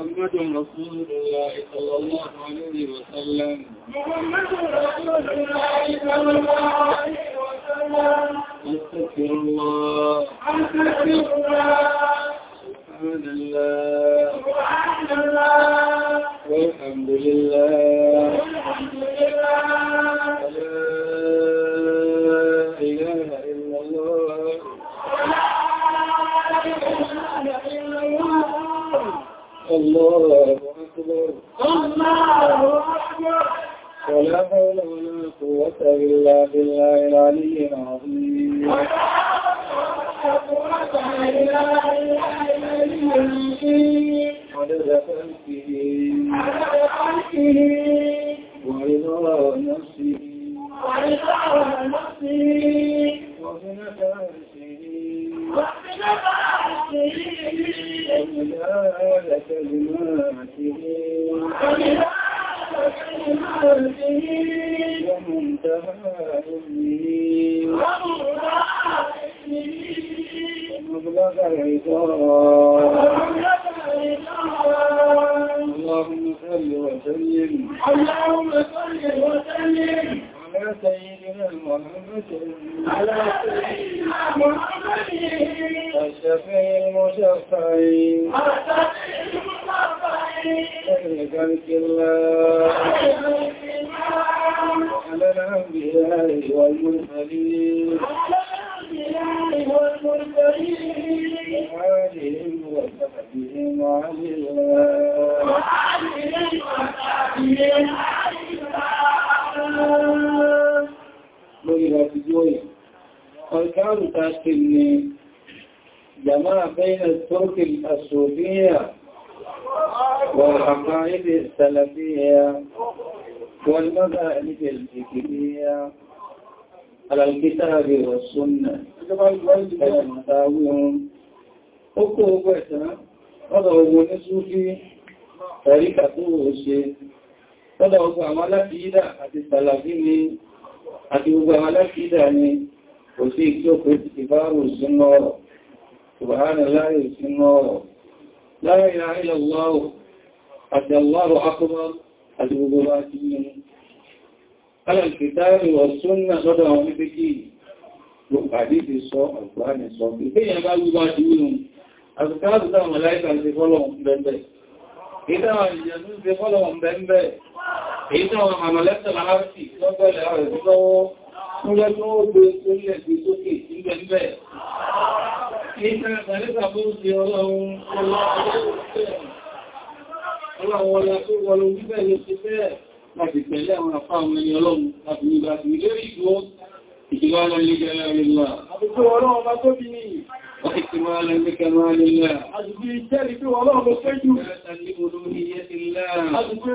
محمد رسول الله صلى الله عليه وسلم محمد رسول الله صلى الله عليه وسلم أستغفر الله أستغفر الله سبحان الله سبحان الله والحمد لله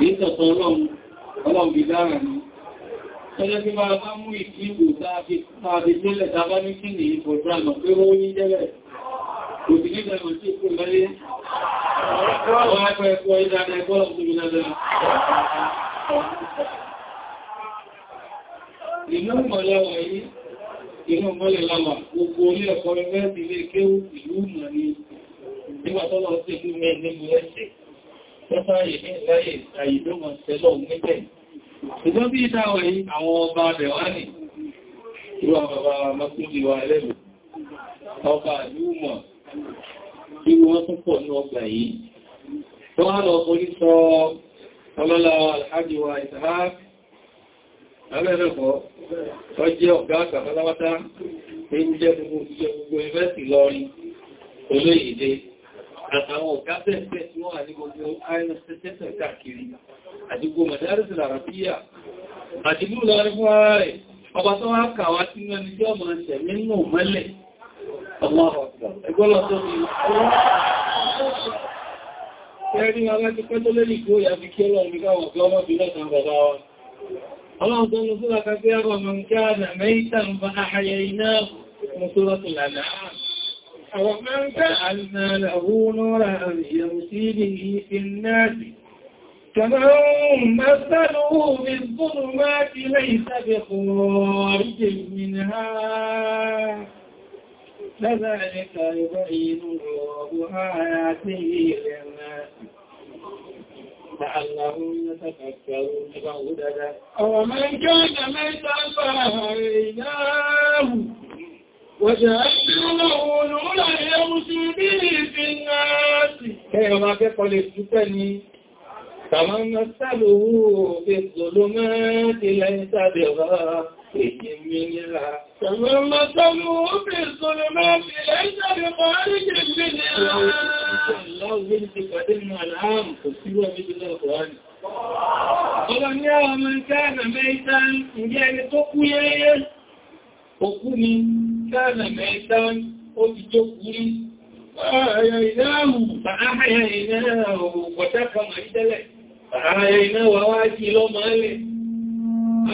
Èyí tọ̀tọ̀ ọlọ́run, ọlọ́run bí dára ni. Tọ́jọ́ bí máa bá mú ìkíwò tàbí tẹ́lẹ̀ tàbá ní kí ní ìfò ìdámọ̀ pé ó ní jẹ́lẹ̀. Kò sí nígbà ìmọ̀ sí ìkú mẹ́lé. Ọwọ́ ẹgbẹ́ ẹ̀kọ́ ìdára ẹgbọ́ ọ̀sùn mi lára. Ìlú mọ̀lẹ́ wà yìí, ìlú mọ̀lẹ́ láwà, gbogbo orí ẹ̀kọ́ ẹgbẹ́ ìlé kéwù ìlú tọ́sáyè Ìjọ́ bí ìdáwẹ̀ àwọn ọba Bẹ̀wánì, ìwà bàbá Makúnlẹ̀wà ẹlẹ́bù, ọba Lúmọ̀, bí wọ́n tún pọ̀ ní ọgbà yìí. Tó wá lọ borí sọ ọlọ́láwà alhájíwà ìsáhá, alẹ́rẹ̀kọ́, àtàwọn ọ̀gá bẹ̀rẹ̀ tí wọ́n wà ní gbogbo iron station káàkiri àdúgbò madaris larabia àti ìlú lọ́rin fún ara rẹ̀ ọba tó wá kàwà tí wọ́n ni jẹ́ ọmọ ṣẹ̀ nínú mẹ́lẹ̀ ẹgbọ́lọ́ tó ní ọlọ́run tó lọ sí àkàkẹ́ ọmọ ìjá àdàmẹ́ ìtàn bá àyẹ̀ iná mọ́sọ́rọ̀ tó lànà أَوَمَنْ جعلنا له نورا يمشي به في الناس كمن مثله بالظلمات ليس بخارج منها كذلك يبين الله آياته للناس لعلهم يتفكرون بعددا أو من كان ميتا فهريناه Kàmá mọ́ sálòwò ìgbòlómọ́ ti lẹ́yìn sábẹ̀ ọ̀rọ̀ èyí mìíràn. Kàmá mọ́ sálòwò ìgbòlómọ́ ti lẹ́yìn sábẹ̀ ọ̀rọ̀ èyí mìíràn. Lọ́wọ́ ní ti pàdé mọ́ àlàáàmù kò síwọ́ méjì lọ́wọ́ Ọba ní àwọn ọmọ ìkẹ́ كان ميتا وبجبري فآييناه فأحييناه وتكم عدلك فآييناه وواجي لو مالك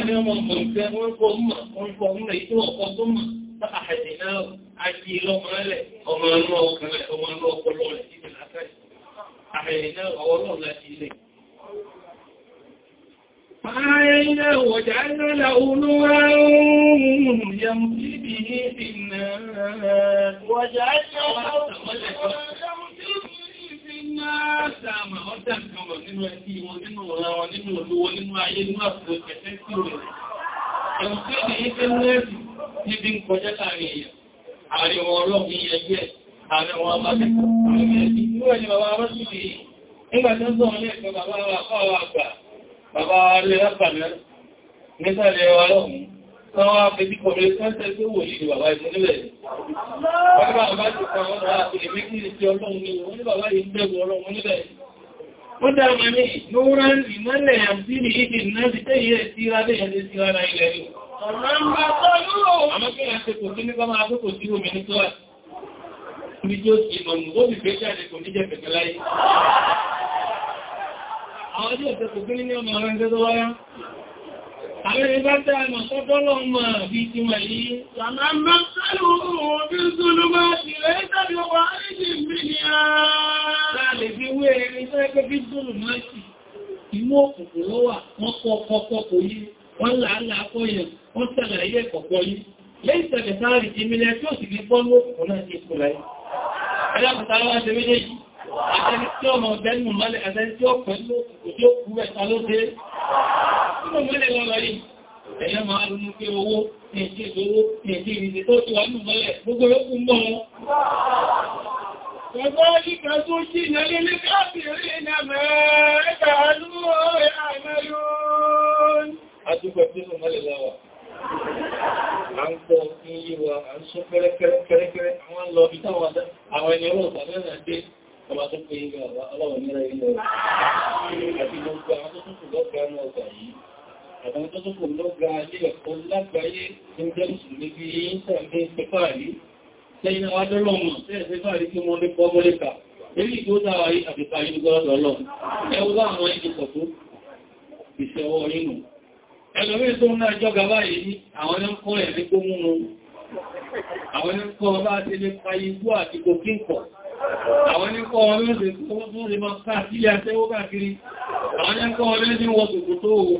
أنا من كان والقمة والقمة يتوى قمة فأحييناه عجي لو مالك وما الله كمان وما الله كله لكي بالعكاش أحييناه والله لا تيلي فآييناه وجعلنا له نورا ti pé iye síra lè yẹn lè síra na ilẹ̀ rí. Ọ̀rọ̀ ń bá tọ́lú. Àmọ́ kí ẹ̀ṣẹ́ kò sí nígbà máa tókò sí omi ní tọ́lá. Ibi tí ó ti lọ̀nù, ó fi gbé jáde kò ní jẹ́ pẹ̀kẹ́ láyé. Àwọn ọjọ́ ìṣẹ́ kò sí ní ọmọ ọ̀rẹ́ ń tẹ́ tó wáyá. a inú òkùnkùn ló wà wọ́n kọ́ kọ́kọ́ kò yí wọ́n láàlá kọ́ yẹn wọ́n sàlàyé ẹ̀kọ̀kọ́ yí lẹ́yìn tẹ̀lẹ̀ sáàrì ìmìlẹ̀ tí ó sì fi bọ́ ní òkùnkùn náà ti kò láyé ẹlẹ́kùnkùn tàbí wọ́n ṣe méjèèjì àtẹni tí ọmọ bẹ́ẹ̀nù mọ́lẹ̀ àtẹni tí ó pẹ̀lú òkùnkùn tí ó kú ẹ̀ta ló dé nínú mọ́lẹ̀ lọ́rọ̀ yìí ẹ̀yẹ́ máa ronú pé owó ní ìdí ìdówó ní ìdí ìrìnlẹ̀ tó ti wà nínú mọ́lẹ̀ gbogbo yóò kú mọ́ wọn كذلك زجن للكافرين ما كانوا يعملون أدوك أبنه مللاوة Àwọn ọ̀pọ̀ ìyíwa, àwọn ṣe kẹ́rẹ́kẹ́rẹ́kẹ́rẹ́, àwọn lọ bí táwọn àwọn ẹni ọlọ́pàá mẹ́rin àti ọba tó pé ìgbà aláwọ̀ mẹ́rin ilẹ̀ àti gbogbo àwọn tó túnkù lọ́gbà ẹnu ọgbà yìí. Àtàwọn tó túnkù lọ́gbà ilẹ̀ ọ̀pọ̀ lágbàáyé lẹ́yìn àwọn adọ́lọ́mọ̀ tẹ́ẹ̀fẹ́ bá rí kí wọ́n ní pọ́mọ́lẹ́kà èyí tó dáwà rí àbìkà yìí gọ́ọ̀dọ̀ lọ ẹwọ́ àwọn ìdìkọ̀ tó ìṣẹ́wọ́ inú ẹlòmí tó ń náà jọ gaba yìí àwọn ẹn kọ́ ẹ̀rí tó múnú àwọn ẹn kọ́ bá ti lè pa igbó àti kòkínkọ̀ àwọn ẹn kọ́ ọlọ́rẹ́ tó lè máa káàkiri àtẹ́wó káàkiri àwọn ẹn kọ́ ọlọ́rẹ́ tí wọ́n tòkò tó òwò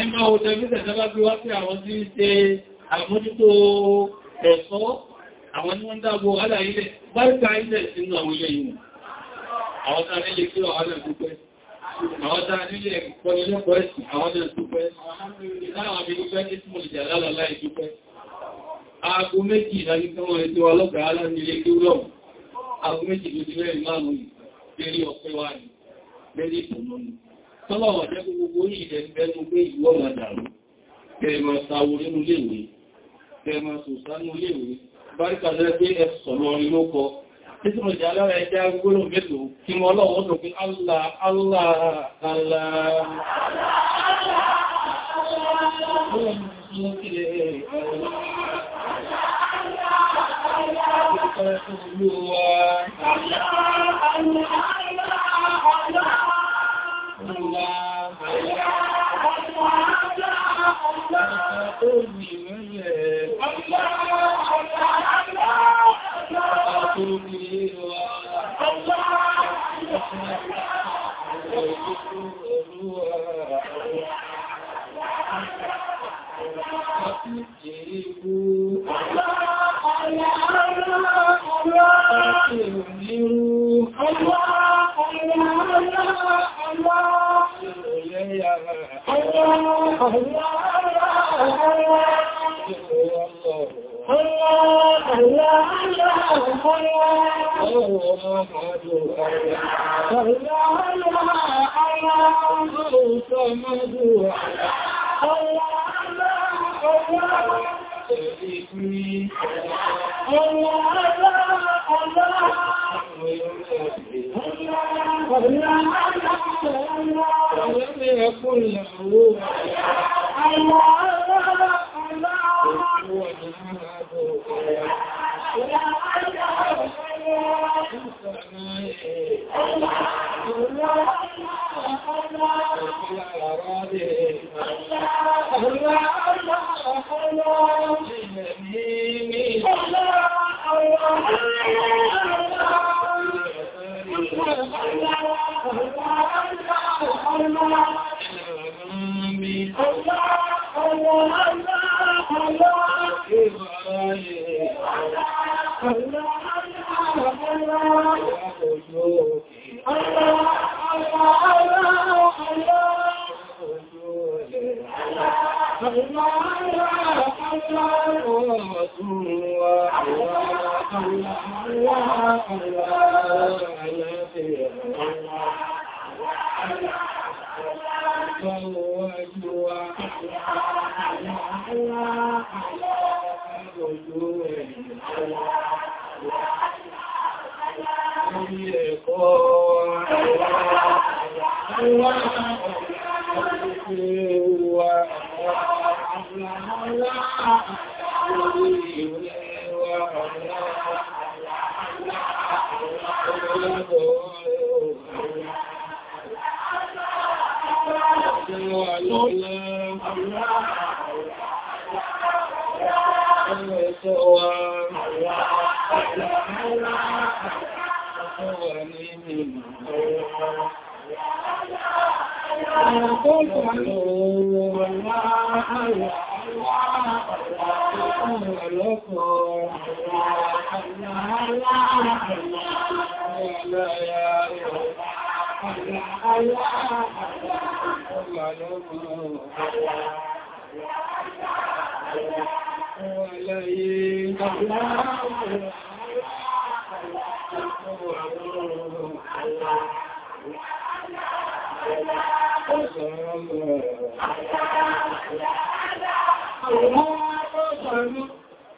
ẹgbẹ́ òtẹ́fẹ́ tẹ́lá bí wá sí àwọn tí ń ṣe àmójútó ẹ̀ṣọ́ àwọn tí wọ́n dáàbò wàhálà ilẹ̀ báríkà ilẹ̀ sínú àwọn ilẹ̀ yìí àwọn tàà nílé kí wàhálà dúpẹ́ àwọn tàà nílé ìpọnilẹ́pọ̀ ẹ̀sìn àwọn náà dúpẹ́ láwọn abẹ́ dúpẹ́ ní tí mo lè jà lálàláì dúpẹ́ aago méjì ìdájú tí wọ́n retí wa lọ́gbàá láti ilé kí lọ́wọ́ aago méjì ló ti rẹ̀ ìmáàmù yìí lérí ọ̀pẹ́ wà ní lérí ìtùnú ni tọ́lọ̀wọ̀ jẹ́ gbogbo orí ilẹ̀ ìbẹ́nu pé ìwọ́n máa dàrú kẹrìmọ̀ sàwò nínú léèwé kẹrìmọ̀ sòsánú léèwé báríkà lẹ́rẹ́ pé ẹ̀sọ̀ lọ́rin ló kọ títí mo jẹ́ alára ẹjá gbóòrò mélòó kí wọ́n lọ́wọ́ tó pé Allah Allah Allah Allah Allah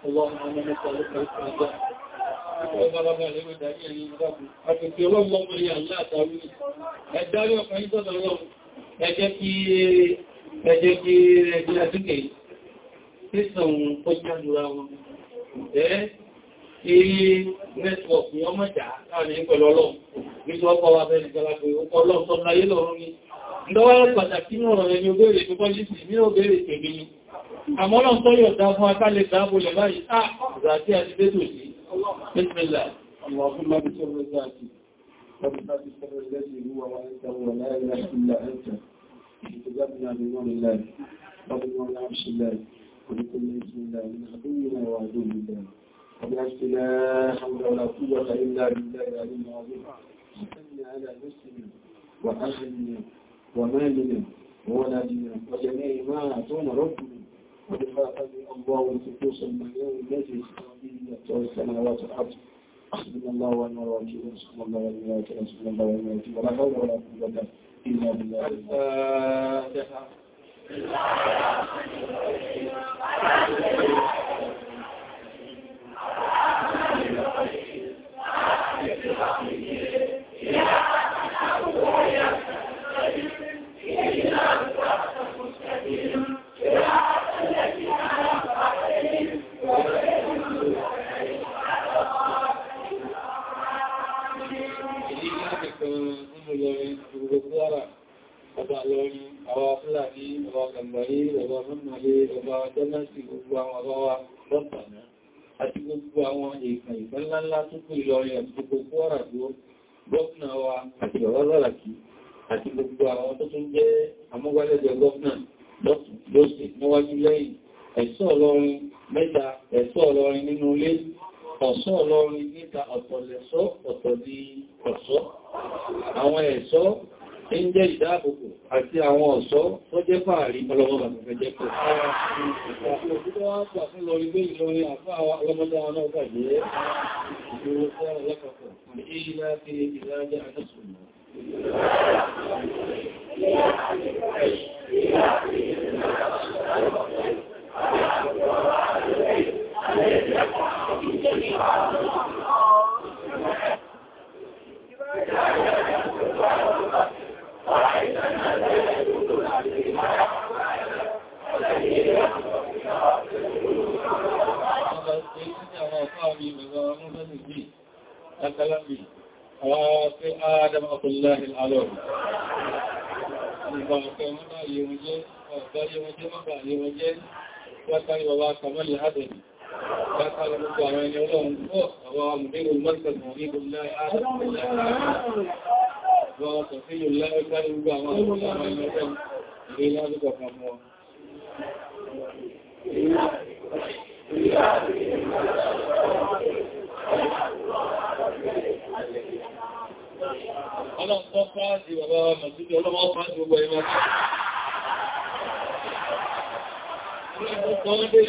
اللهم انا نسالك الرضا Àtòkè ọlọ́mọ ilé àyá àtàrí ẹ̀dárí ọkàn yìí tọ́tọ̀ lọ, ẹjẹ́ kí ẹjẹ́ kí ẹjẹ́ àdúgbè sísàn tó jádúra wọn. Ẹ́ eré nẹ́tíwọ̀kì ọmọ jà láàrin pẹ̀lú ọlọ́run, nítorí ọkọ̀ wa fẹ́ lọ́wọ́ pàtàkì náà rẹ̀ ni ó bèèrè tó pọ́lísì ní ó bèèrè tèmi ni àmọ́lọ́n tó yọ̀ dá fún akálẹ̀ dábòlẹ̀ báyìí àà àti àti bẹ́tò sí bẹ́tìmẹ́lá اللهم بشر ذاتي وبشر الشر الذي هو وانته ولا اله الا انت اجبنا بنور الله وبنور عرش الله وبكل اسم الله من عدونا وعدو الله وبعشت لا حول ولا قوه الا بالله العلي العظيم وصلنا على مسلم واهل ومالنا وولدنا وجميع ما أعطونا ربنا ولفاقه الله نفوس المليون الذي استعبدت والسماوات العبد حسبنا الله ونعم الوكيل صلى الله عليه وسلم صلى الله عليه وسلم ولا حول ولا قوة إلا بالله الفاتحة lórí àwọn fúlàní ọba kàgbàrí ọba mọ́mọ̀lé ọba dẹ́lẹ́sì gbogbo àwọn ọba wa lọ́pàá àti gbogbo àwọn èèkàn ìgbẹ́lá tó kú Ìlọrin àti gbogbo ọ̀rà tó gọ́ọ̀nà wa àti ọ̀rọ̀ lọ́ràkí àti gbogbo àwọn tó tún jẹ́ amúgbálẹ́jọ gọ́ọ̀nà lọ́sì níwájú lẹ́yìn ẹ̀ṣọ́ Ọlọ́run mẹ́ta ẹ̀ṣọ́ Ọlọ́run nínú ilé ọ̀ṣọ́ Ọlọ́run níta ọ̀tọ̀lẹ̀ṣọ́ ọ̀tọ̀ di ọ̀ṣọ́ àwọn ẹ̀ṣọ́ ń jẹ́ ìdáàbòbò àti àwọn ọ̀ṣọ́ tó jẹ́ fàárí ọlọ́mọba fẹ́ jẹ́ pọ̀. Òkútọ́ wá pà fún lọ ilé ìlọrin àfáà ọlọ́mọdá wọn náà gbàgbé ìṣòro fẹ́ ọlọ́pàá. Èyí láti ìlàjá àjọ́sùnmọ̀. Thank you. Wọ́n tàbí bàbá kàmọ́ lè hádẹ̀ ni. Kákàlà gbogbo àwọn ẹni ọlọ́run pọ̀, àwọn amùdínú mọ́sàgbọ̀n ní gbogbo láì áàrùn. Wọ́n sọ sí yóò láì kárí gbogbo àwọn ọmọdé ọlọ́run ilé lárúkọ̀ kan mọ́. Ọlọ́run tó fáàdì bàbá Màsúdì ọlọ́run fáàdì gbogbo Nígbàtà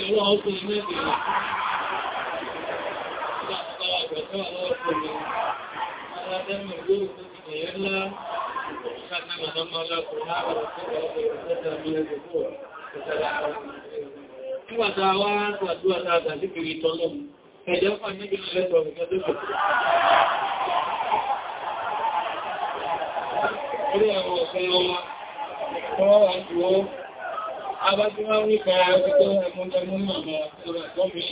wá pàdúwà tààtà sí kìrì tọ́lọ́, ẹjọ́ fà níbi ìrẹ́sọ̀ ìgbẹ́sọ̀. Orí àwọn ọ̀fẹ́ ọmọ, ọwọ́ àjúwọ́ abájúwá wípa wípé ẹmúnjẹmú náà lọ ẹ̀kọ́ mi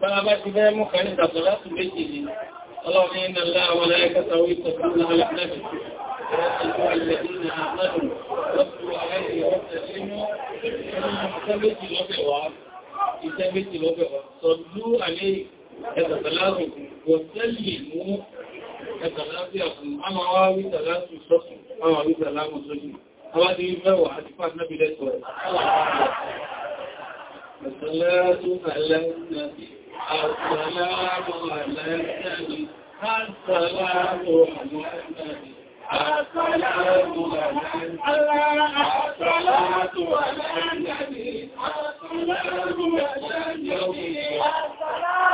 bá bá ti bẹ́ mú kàrí ìdàtọ̀ láti méjì ni ọlọ́rin iná láwọn aláìkẹta wípé tó ń lọ́wọ́ lẹ́bẹ̀ Ìṣẹ́ méjì lọ́bẹ̀ wá, sọ̀dú àlé ẹ̀tàtàlásù kò tẹ́lì mú ẹ̀tàlásù àkùn, a máa wá wítàlásù sọ́kùn, a máa wítàlásù sójú. Àwọn ìgbẹ̀wọ̀ àti pàtàkì náà bí lẹ́tọ̀ọ́ ẹ̀. Àṣàlẹ́ àṣàlẹ́ àti àṣàlẹ́ àwọn àlẹ́ àti àṣàlẹ́ àwọn àlẹ́ àti الصلاة على النبي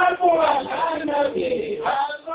الصلاة على النبي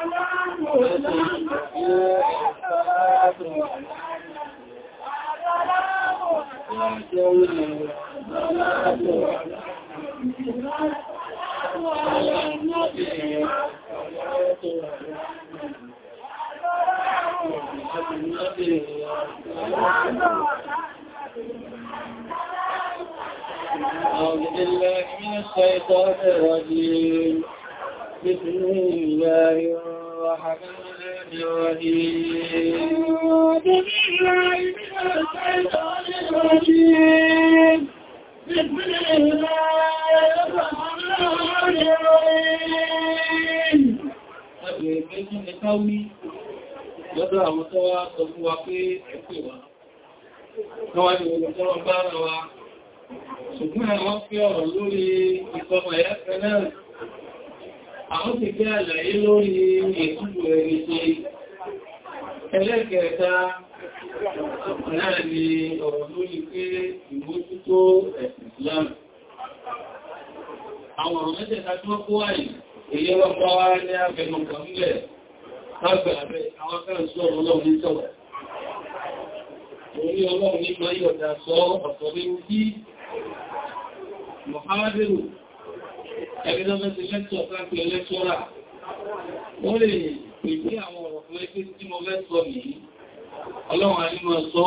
أعوذ بالله من الشيطان الرجيم بسم الله الرحمن الرحيم بسم الله الرحمن الرحيم Ẹgbẹ̀rẹ̀ mẹ́ta wí lọ́dọ̀ àwọn tó wá sọ fún wa pé ẹ̀kùn wa. Wọ́n wá ní ogun tó wọ́n bá rán wa. Ṣùgbọ́n àwọn fi ọ̀rọ̀ lórí ìsọmọ̀ ẹ̀ẹ́fẹ́ náà àwọn ti fẹ́ àlàyé lórí ìtúlù ẹni ṣe ẹlẹ́kẹta náà ni ọ̀rọ̀ lórí pé ìmójútó ẹ̀sìn Islam àwọn ọ̀rọ̀ mẹ́tẹ̀ẹ̀ta tí wọ́n kó wáyìí èyí wọ́n bá wá ní abẹnukọ̀ nílẹ̀ lágbẹ̀ abẹ́ àwọn akẹ́rẹ̀ sí ọ̀rọ̀ ọlọ́run ní sọ̀rọ̀ orí ọlọ́run ní máa yọ̀dá sọ ọ̀tọ̀ ẹgbẹ́lọ́mẹ́sí lẹ́tọ̀ sáàpẹ̀ lẹ́tọ́rà wọ́n lè pèsè àwọn ọ̀rọ̀ fún ẹgbẹ́ tí mo fẹ́ sọ nìí ọlọ́run ànímọ̀ sọ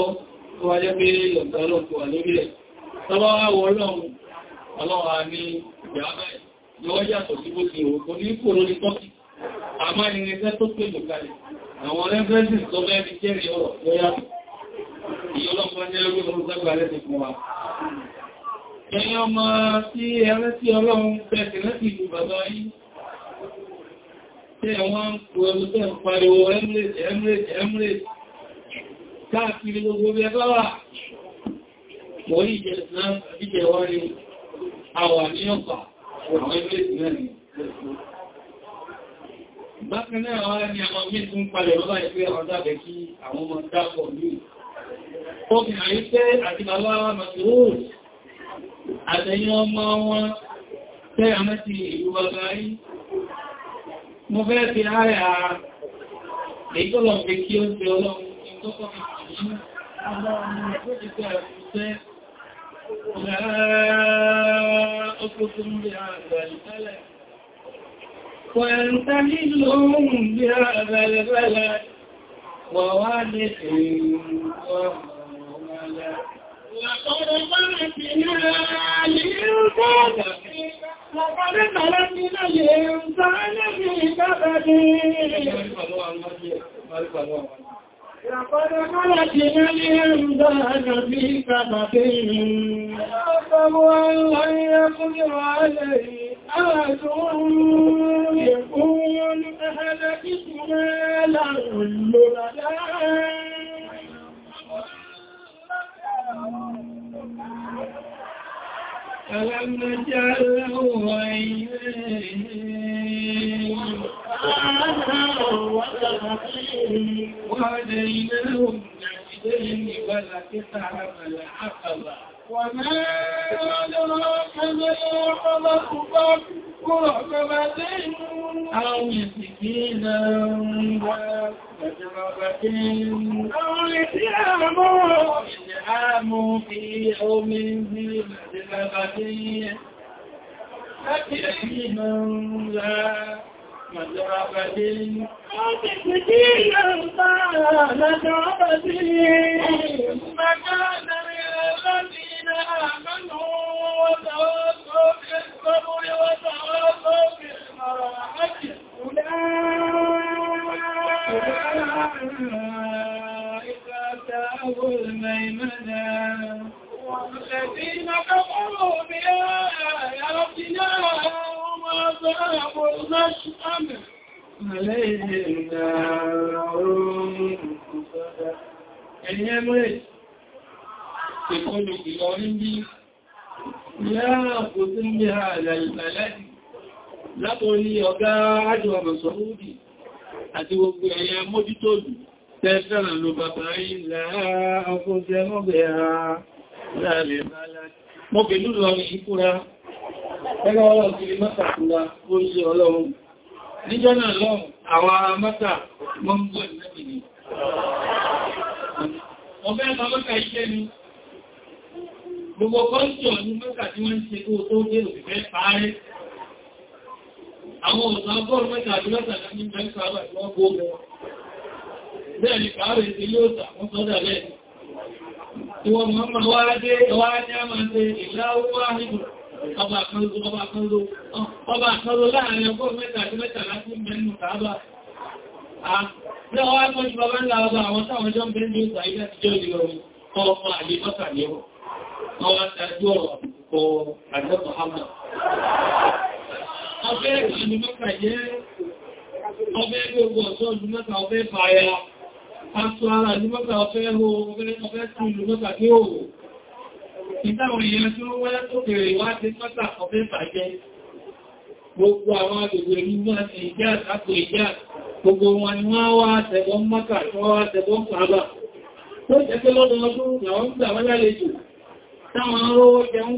tó wájẹ́ pé ọ̀tọ̀ ọlọ́pù wà lórí ẹ̀ tọ́bá wá wọ ọlọ́run ọlọ́run àní ìgbàmẹ́ lọ́wọ́ yàtọ̀ sí bó ti rò kò ní kò lórí tọ́kì àmá irinṣẹ́ tó pè lò kalẹ̀ àwọn rẹ́fẹ́sì tó bẹ́ẹ̀ fi jẹ́rìí ọ̀rọ̀ lọ́yàtọ̀ ìyọ́lọ́pọ̀ ní ẹgbẹ́ ẹ̀yin ọmọ tí ẹrẹ́ tí ọlọ́run pẹ̀sẹ̀ láti ìlú bàbá yìí tí ẹ̀wọ́n pẹ̀lú tẹ́ pariwo Emirates Emirates Emirates káàkiri gbogbo bí ẹgbá wà mọ̀ ní ìjẹ̀ Islam ìjẹ̀ wá ní àwà ní ọ̀pá ni bákan náà wá ní àwọn mí tún palẹ̀ bàbá ìpé ọ̀dá bẹ̀ kí àwọn ọmọ dápọ̀ ní àtẹ̀yìn ọmọ wọn tẹ́ àmẹ́sí ìlú ọgbàáyí mo fẹ́ fi ààrẹ ara èyí tó lọ fi kí ó fi ọlọ́run tó kọ́ fi وينتهلهم بهذا البلد ووالد ومولد لقد خلقنا الإنسان في كبد أعظم أن لن يقدر عليه أحد يكون أهلكت مالا لبدا ألم نجعل له عينين وهديناه النجدين فلتفهم العقبة وما أدراك ما حلق مرحبة أو مسكينا ومجربة أو إسلام إسلام في يوم ذي مجربة لكن لا مزرعة مكان للذين آمنوا وتواصوا بالصبر وتواصوا بالمراحة أولئك أتاهم الميمنة الذين كفروا بآياتنا وعذاب مشأم عليهم نار Ẹni ẹmọ́lẹ̀ ìkọlù ìlọrin bí yáà kò tí ń bí àlàlẹ́dì látọrí ọ̀gá àjọ àmàsọ̀rúdì àti gbogbo ẹ̀yẹ Mo pẹ̀lú lọ ìṣíkúra, ẹgbẹ́ ọlọ́run ti lè mọ́ta kúra, ó ṣe ọlọ́run. Níjọ́ náà lọ, àwọn mọ́ta mọ́ ń gbọ́ ìrìnlẹ́bìnì. Ọ̀fẹ́ ẹ̀mọ́ mọ́ta iṣẹ́ ni, gbogbo kọ́ńtọ̀ ní mọ́ta tí wọ́n ṣe kó tó dé òfìfẹ́ ìwọ̀n mọ́mọ̀ wá dé wá ní àmà ṣe ìlàwó àhìbò ọba àkànlò ọba àkànlò ọba àkànlò láàrin ọgbọ́ mẹ́ta àti mẹ́ta láti mẹ́nu kàábà lọ́wọ́ àpọ́jú bàbá ńlá ọba àwọn táwọn jọ ń bẹ́ ní oṣù àyíká ti jẹ́ ìlú ọmọ àdébọ́sà ní ọ ọwọ́ àtàjú ọ̀rọ̀ kọ àjọ́kọ̀ hamna ọbẹ̀ ìlú mẹ́ta jẹ́ ọbẹ̀ gbogbo ọ̀ṣọ́ ìlú mẹ́ta ọbẹ̀ fàáyà aṣọ ara ní mọ́ta ọ̀fẹ́ ọ̀fẹ́ tún ìlú mọ́ta ní òwò ìtàwọn èèyàn tí ó wáyá tó kèrè ìwádìí mọ́ta ọ̀fẹ́ bàjẹ́ gbogbo àwọn agbègbè ní wọ́n ti ìjá àtàkò ìjá gbogbo wọn ni wọ́n wá tẹ̀bọ́n mọ́ta tí wá jẹ́ pé lọ́dọ̀ ọdún wọ́n lálejò táwọn rówó jẹun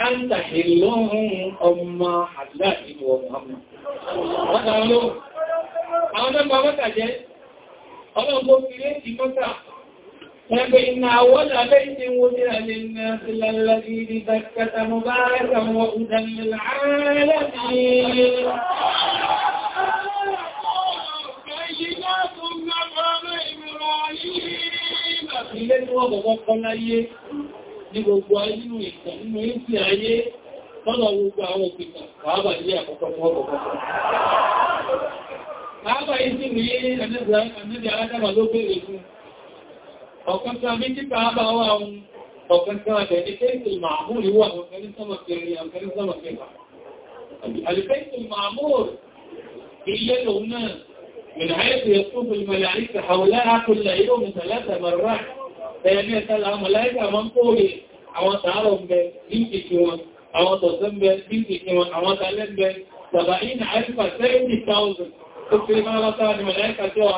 أنت حلهم أما حلاله ومحمد وقالوا أنا ما بتجد أنا أقول في مكة فإن أول بيت وجه للناس الذي ببكة مباركا وهدى للعالمين Ilé tí wọ́n bọ̀bọ̀ kọ́ láyé ní gbogbo ayé nínú ìtàn nínú ìsì ayé tọ́lọ gbogbo àwọn òpìtà kàábà ilé àkọ́kọ́ fún ọkọ̀kọ́. Kàábà ìsì rí ẹ̀nẹ́bẹ̀ aládàmà ló bèèrè fún. Ọ̀kan tí a mí tí kàábà wà ohun, ọ̀kan tí a bẹ̀ẹ̀ ní kéèkì màmúr ìwà ọ̀kan ní sọ́mọ̀ kẹrin, ọ̀kan ní sọ́mọ̀ kẹfà. Àlùfẹ́kì màmúr ilé lòun náà, من حيث يطوف الملائكة حولها كل يوم ثلاث مرات ẹ̀ẹ̀mẹ́ẹ̀tàlá mọ̀láíkà máa ń kóòrè àwọn tààrọ̀ ń bẹ díkìkì wọn àwọn tọ̀sán bẹ díkìkì wọn àwọn tààlẹ́ ń bẹ ìnà àrífà 70,000 tó fi máa látà ní mọ̀láíkà tí ó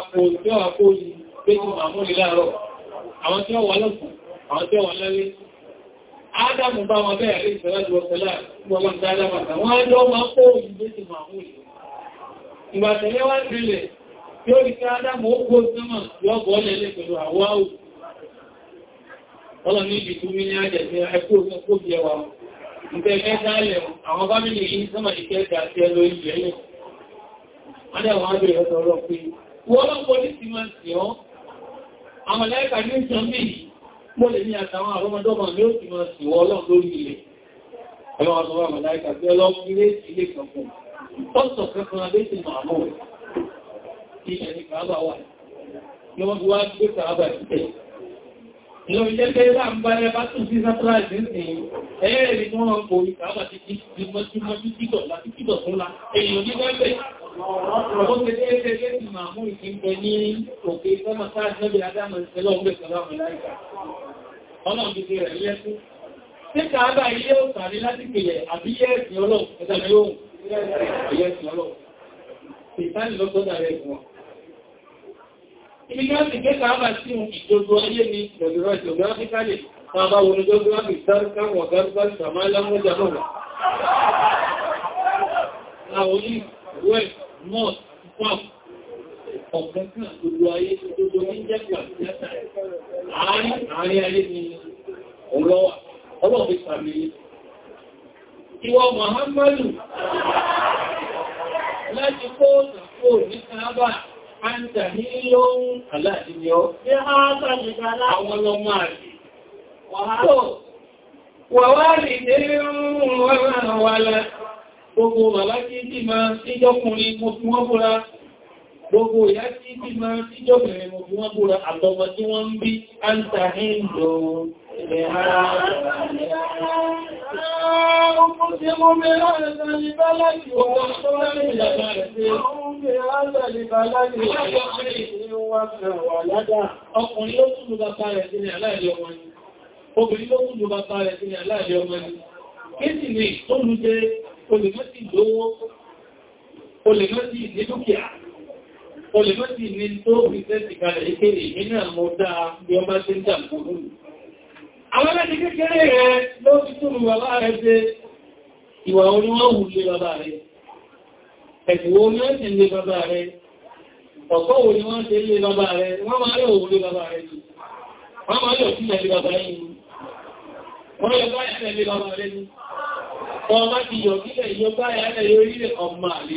àkóòrì pé tí màmúrí láàárọ̀ àwọn tí ó wà lọ́sùn àwọn tí ó wà lẹ́rí Ádámù bá wọn bẹ́ẹ̀ rí ìṣẹ́lájú ọ̀sẹ̀lá gbọ́gbọ́n dáadáa bàtà wọ́n á jọ máa kó ìgbé ti màmúrí. Ìgbàtẹ̀lẹ́wà sílẹ̀ tí ó rí kí Ádámù ó kó sọ́mọ̀ yọ́gbọ́ lẹ́lẹ́ pẹ̀lú àwọ́ àwọ̀ ọlọ́ ní ìdìkú mi ní àjẹ̀sẹ̀ ẹkú ẹkú jẹ wa nǹkan ẹgbẹ́ dáálẹ̀ àwọn fámílì yìí sọ́mà ìkẹ́ ẹ̀kẹ́ àti ẹlò ilẹ̀ yìí wọ́n dẹ̀ wọ́n bèèrè ọ̀tọ̀ ọ̀rọ̀ pé wọ́n lọ́pọ̀ ní ti máa sì ọ́ àwọn lẹ́ẹ̀kà ní ìṣàn bí mo lè ní àtàwọn àrọ́mọdọ́mọ ní ó ti máa sì wọ́ ọlọ́run lórí ilẹ̀ ọlọ́run tó wà mọ̀láìkà bí ọlọ́run ilé kàábà wà ní wọ́n fi wá gbé kàábà ìtẹ̀ ló fi jẹ́ pé bá ń bá ẹ bá tún sí sápráìsì ìsìn ẹ̀ẹ́rì tí wọ́n kò ní kàábà ti kí ti mọ́júmọ́jú títọ̀ láti títọ̀ fún la èèyàn ní wẹ́gbẹ́ ó ti dé ẹgbẹ́ ti máa mú ìpínlẹ̀ ní òkè sọ́mọ́ sáàjọ́ bí adámọ̀ ìṣẹ́lọ́ ọgbẹ̀ sọ́lọ́mù láìka ọlọ́run ti fi rẹ̀ lẹ́kú tí kàábà ilé ibi tí wọ́n ti gbé kàábà sí ìjọgbọ́ ayé ni pẹ̀lú rọ́jọ̀ gráfíkálì máa bá wọn gbogbo àmì sárkán wà gárúgbà sàmá lámọ́jà náà àwọlí west north south ọ̀gbọ́n kan gbogbo ayé gbogbo ní jẹ́kù àti àárín àárín ayé ni ọlọ́wà ọlọ́ọ̀fẹ́ sàmì ìwọ Muhammadu láti kó òtàkó ní kàábà àǹtà ní lóhun aláàdì ni ó bí a sáàjì kára àwọn ọmọ àti wàwárí ní rúrùn wọ́n rán wà lá gbogbo bàbá kí jí máa síjọ́kùnrin mo gbogbo ìyá tí bí máa tí jọ́bẹ̀rẹ̀ mọ̀ fún wọ́n búra àtọmọ tí wọ́n ń bí áńtà hìndò ilẹ̀ ara ọkùnrin ló kúrò bàbá rẹ̀ sí ni aláìlẹ́ ọmọ ni obìnrin ló kúrò bàbá rẹ̀ sí ni aláìlẹ́ ọmọ ni kí sì ni olùjẹ́ olùmọ́sí lówó olùmọ́sí ní dúkìá olùmọ́sí ní tó rìsẹ́sì kalẹ̀ ìkéèrè nínú àmọ́ dáa bí ọmọ tí ń dàmù lórí. Àwọn láti kékeré rẹ̀ ló fi tó rù bàbá rẹ̀ ṣe ìwà oníwọ̀wù lé bàbá rẹ̀. Ẹ̀sùn wo ni wọ́n ti lé bàbá rẹ̀? Ọ̀pọ̀ wo ni wọ́n ti lé bàbá rẹ̀? Wọ́n máa lè òun lé bàbá rẹ̀ ni. Wọ́n máa lè òfin lé bàbá rẹ̀ ni. Wọ́n lè bá ẹ̀rẹ̀ lé bàbá rẹ̀ ni. Wọ́n máa ti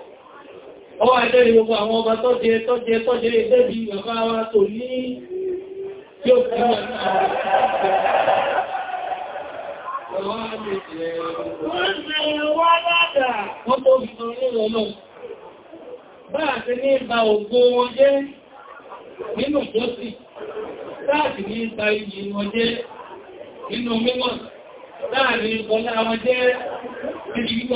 ọwọ́ ẹgbẹ́ gbogbo àwọn ọba tọ́jẹ tọ́jẹ tọ́jẹ ẹgbẹ́ bí wa tò ní yóò fi wọ́n nínú ìjọsí láti ní ìta ìyí wọn jẹ́ nínú mímọ̀ láàrin ìkọlá wọn jẹ́ níbi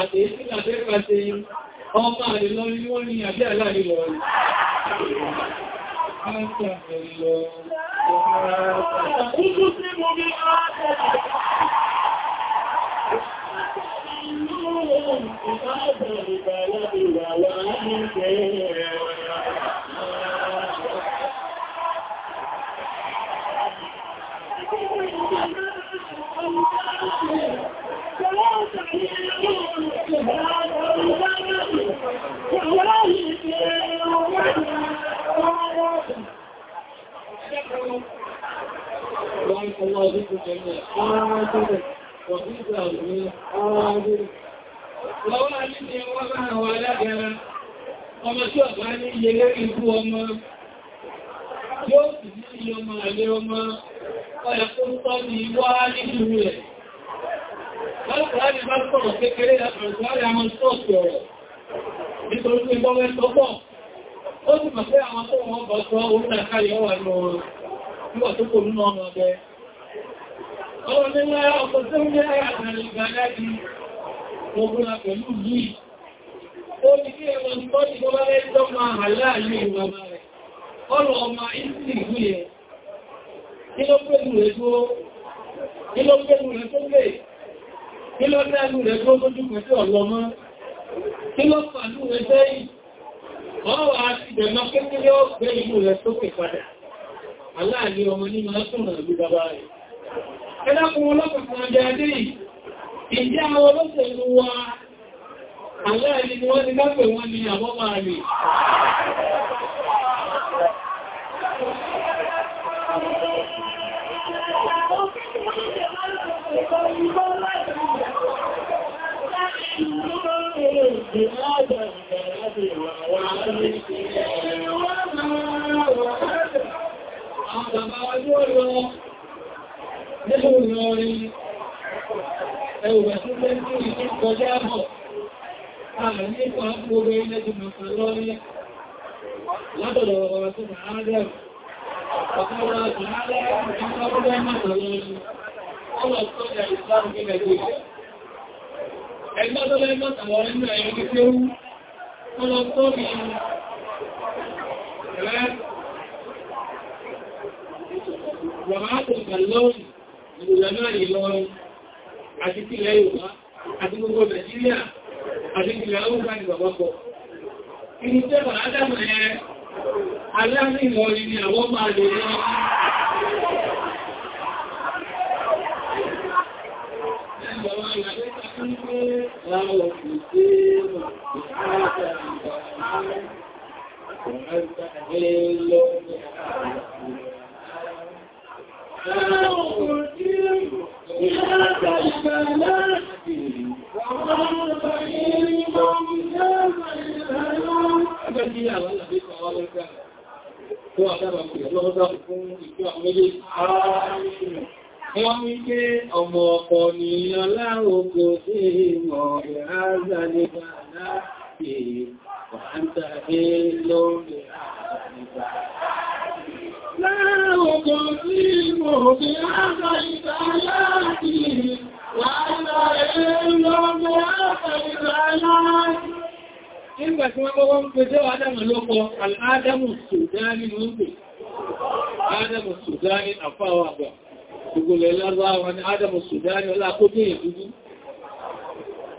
àti èsì àti ẹ̀fàṣe ọmọ àrẹ lọ ní wọ́n ní àbí aláàrí lọ وذكر ọmọ tí ọ̀gá ní iye lẹ́rí ikú ọmọ yóò sì ní iye ọmọ àlẹ́ ọmọ ọ̀yà tó ń tọ́ ní wá nínú rẹ̀ láti bá sọ̀rọ̀ kékeré àtàrí àwọn sọ́ọ̀tì ọ̀rọ̀ nítorí pé bọ́wẹ́ sọ́pọ̀ pé Ọlọ́lẹ́lá ọkọ̀ tó ń jẹ́ àrẹ̀ ìgbàláàdì ogun la pẹ̀lú yìí. Ó ní kí ẹmọ tó ti gbọ́ bá rẹ̀ tó máa hàlá ní ìgbàmà rẹ̀. Ọlọ́ ọmọ ìsìn ìlú yẹ. Kí ló pẹ̀lú rẹ̀ tó Kí ló pẹ̀lú rẹ̀ tó lè? Kí ló dẹ́lú rẹ̀ tó tó jùkọ̀ sí ọlọ́mọ́? Kí ló pàlú rẹ̀ sẹ́yìn? Ọwọ́ àti ìdẹ̀mọ́ kékeré ó gbé ìlú rẹ̀ sókè padà. Aláàrí ọmọ nínú ọ́sùn rẹ̀ lú bàbá rẹ̀. Ẹlákùn ọlọ́pàá jẹ́ ìjẹ́ àwọn olóṣèlú wa aláàrí ni wọ́n ti dápẹ̀ wọn ni àwọn máa rí. Àwọn bàbá wa yóò lọ nínú ìrọrin ẹwẹ̀ tó fẹ́ tí ìṣẹ́ kọjá bọ̀ ààrẹ nípa gbogbo ilẹ̀ ti mọ̀ta lọ́rin látọ̀dọ̀ ọ̀rọ̀ tó máa rẹ̀ ọ̀pọ̀lọpọ̀ àti ààrẹ ìpínlẹ̀ mọ̀ta lọ́rin ọlọ̀ tó jẹ́ ìsìláàmù nílẹ̀ tó jẹ́ ẹgbẹ́ tó lẹ́ mọ̀ta lọ́rin náà ẹ̀yẹ́ kékeré ọlọ̀ tó bí rẹ̀ wọ̀n á tó gbà ìròyìn náà Ìlọrin àti ìpínlẹ̀ Yorùbá àti gbogbo Nàìjíríà àti ìpínlẹ̀ Yorùbá ni bàbá pọ̀. Ìní tẹ́bà Ádámù ẹ aláàrin Ìlọrin ni àwọn máa lè lọ. Thank you. Wọ́n ní pé ọmọ ọkọ̀ ni ọláròkò sí ìmọ̀ ìrázà nígbà láti wà ń tàbí lórí àgbà nígbà láàrùn sí òfin àpá ìtàlá sí wàhálà ẹ̀lọ́gbọ́ àpá ìtàlá. Nígbà tí wọ́n kọ́kọ́ ń pè jẹ́ Ádámù lọ́pọ̀, Ádámù Sùdání ló ń pè. Ádámù Sùdání àfáwà àgbà. Gbogbo lẹ́lọ́gbà wọn ni Ádámù Sùdání ọlá kó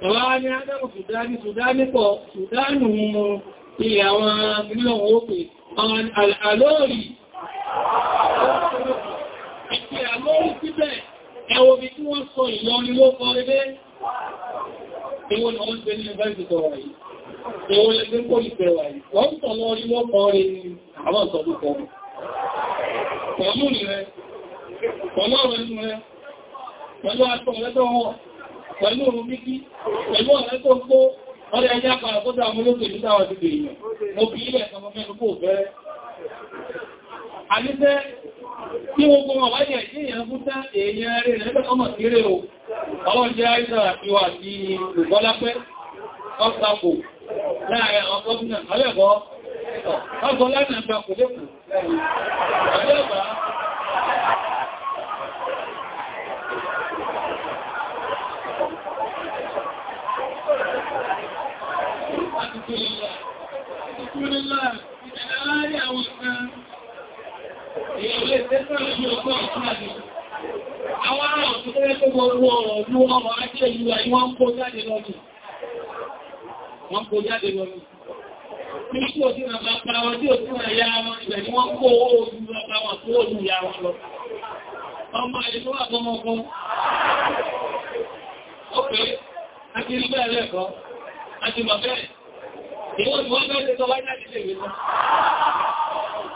Ọlá ni Adámù Sùdánì, Sùdánì pọ̀, Sùdánì mú ilẹ̀ àwọn mílíọ̀n òkè, àwọn alóòrì Ẹ̀kẹ́ àmọ́ ó síbẹ̀ ẹwọ bí tí wọ́n sọ ìlọrin ló kọ ẹgbẹ́. Ewó ni wọ́n gbé ní ẹgbẹ́ ìtọ̀wà yìí. Ewó lẹ́gbẹ́ pọ̀ ìtẹ̀wà yìí. Wọ́n sọ lọ́rin ló kọ rẹ̀ ni àwọn ìsọ̀lúkọ. Pẹ̀lú rẹ̀, pẹ̀lú ọ̀rẹ́ rẹ̀, pẹ̀lú àtọ̀ rẹ̀ tó wọ́n, pẹ̀lú òun bíkí, pẹ̀lú ọ̀rẹ́ tó kó ọ̀rẹ́ ẹjá padà kó dáa àníṣẹ́ tí ó gbọ́n wáyé èèyàn fúnta èèyàn rẹ̀ lẹ́gbẹ́ ọmọ kéré o ọlọ́run jẹ́ àìsàn àfíwà sí ìgbọ́lápẹ́ ọ́sàkò láàrin àwọn gómìnà ọlẹ́gbọ́ ọgbọ́ láti ẹgbẹ́ kò lékù ọlẹ́gbà Thank you. bí ọgbọ́n ìpínlẹ̀ àwọn ará ọ̀tún tẹ́lẹ̀ tó gbogbo ọ̀rọ̀ ní ọmọ ajé ìlú àyí wọ́n kó jáde lọ́dún wọ́n kó jáde lọ́dún ní kí o sí na bàbá wọn tí o sí na ya wọn ìgbẹ̀ ni wọ́n kó owó ojú bàbá wọn tó ojú ya wọn lọ ọmọ ìlú àgbọmọgbọ́n ókè àti rí bẹ́ẹ̀ lẹ́kọ́ àti mọ̀ bẹ́ẹ̀ ìwọ́n ni wọ́n bẹ́ẹ̀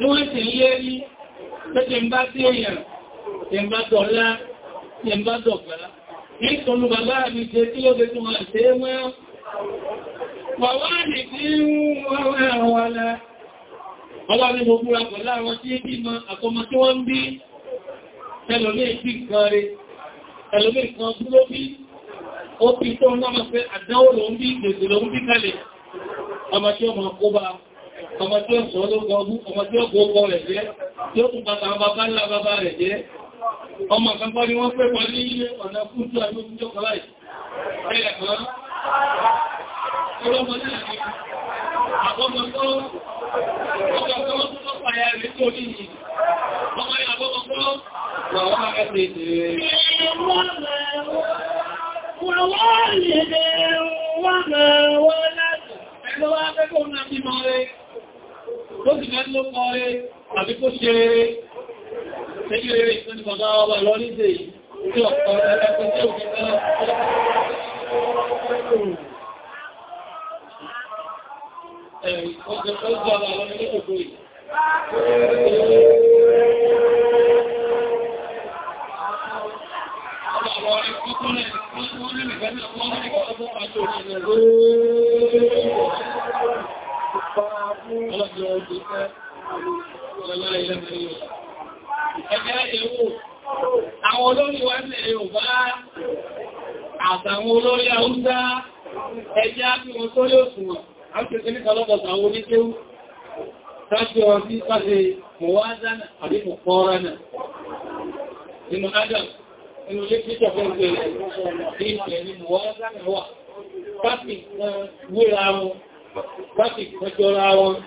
mú ìsìn yé rí pé tí ń bá sí èèyàn tí ń bá dọ̀lá tí ń bá dọ̀gbà ní ìtọ́lú bàbá mi ṣe tí ó gẹ́gùn máa ṣe wọ́n wà wá ní tí wọ́n rẹ̀ wọ́n lẹ́ ọlá ní gbogbo àpọ̀ láwọn tí bí ma àkọmọ tí wọ́n ń bí ẹlòmí ìpí nǹkan rẹ̀ ọmọ tí ó ma kó bá ọmọ tí ó sọ ló gọgú ọmọ ní ilé ọ̀nà fún tí àwọn oúnjẹ ọkọ̀ láì ẹ̀rẹ̀ kan ọlọ́mọ náà ni àbọ́mọ tó ọkọ̀ tó tó pàyà rẹ̀ tó ní ọmọ ìyàbọ́mọ tó wà wọ́n á tó sì mẹ́ ló kọ́ rẹ̀ àbí kó ṣe rere tẹ́jú rere ìpínlẹ̀ kọ̀dá ọba lọ nídẹ̀ tí ọ̀pọ̀ ẹgbẹ́ tí ó fi Thank you. Àwọn àtàwọn olórí àúsá ẹjẹ́ ápí wọn tó yóò sùn wọn, a ń tẹ́kẹ́ ní kọlọ́pọ̀ta àwọn oníkéwú, tàbí wọn sí pàṣẹ mọ̀wázánà àbí mọ̀kọ́ránà. Inú Adam, inú lé pípọ̀ fẹ́ gbẹ̀rẹ̀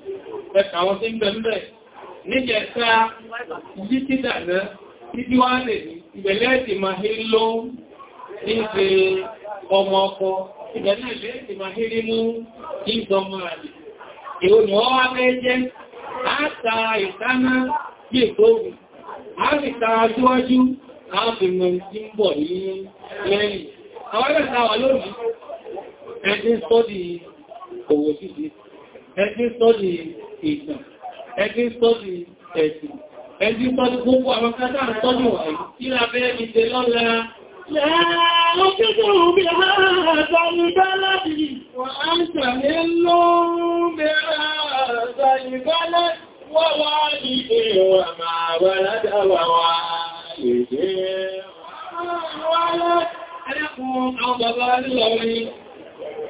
ẹ̀kà àwọn tí ń bẹ̀ mẹ́ níjẹ̀ ká yí kí dànà títí wá lè ní ìbẹ̀lẹ́ ẹ̀tì máa hé ló ń ṣe ọmọ ọkọ ìbẹ̀lẹ́ ẹ̀tì máa hé rí mú kí ń sọmọ àlè ni wọ́n wá jẹ́ a ta a ẹgbẹ́ sọ́dì ìtàn ẹgbẹ́ sọ́dì ẹ̀sìn ẹgbẹ́ sọ́dì gbogbo àwọn kátà sọ́dì wà tí a fẹ́ ìdè lọ́la àwọn bàbá nílọ orin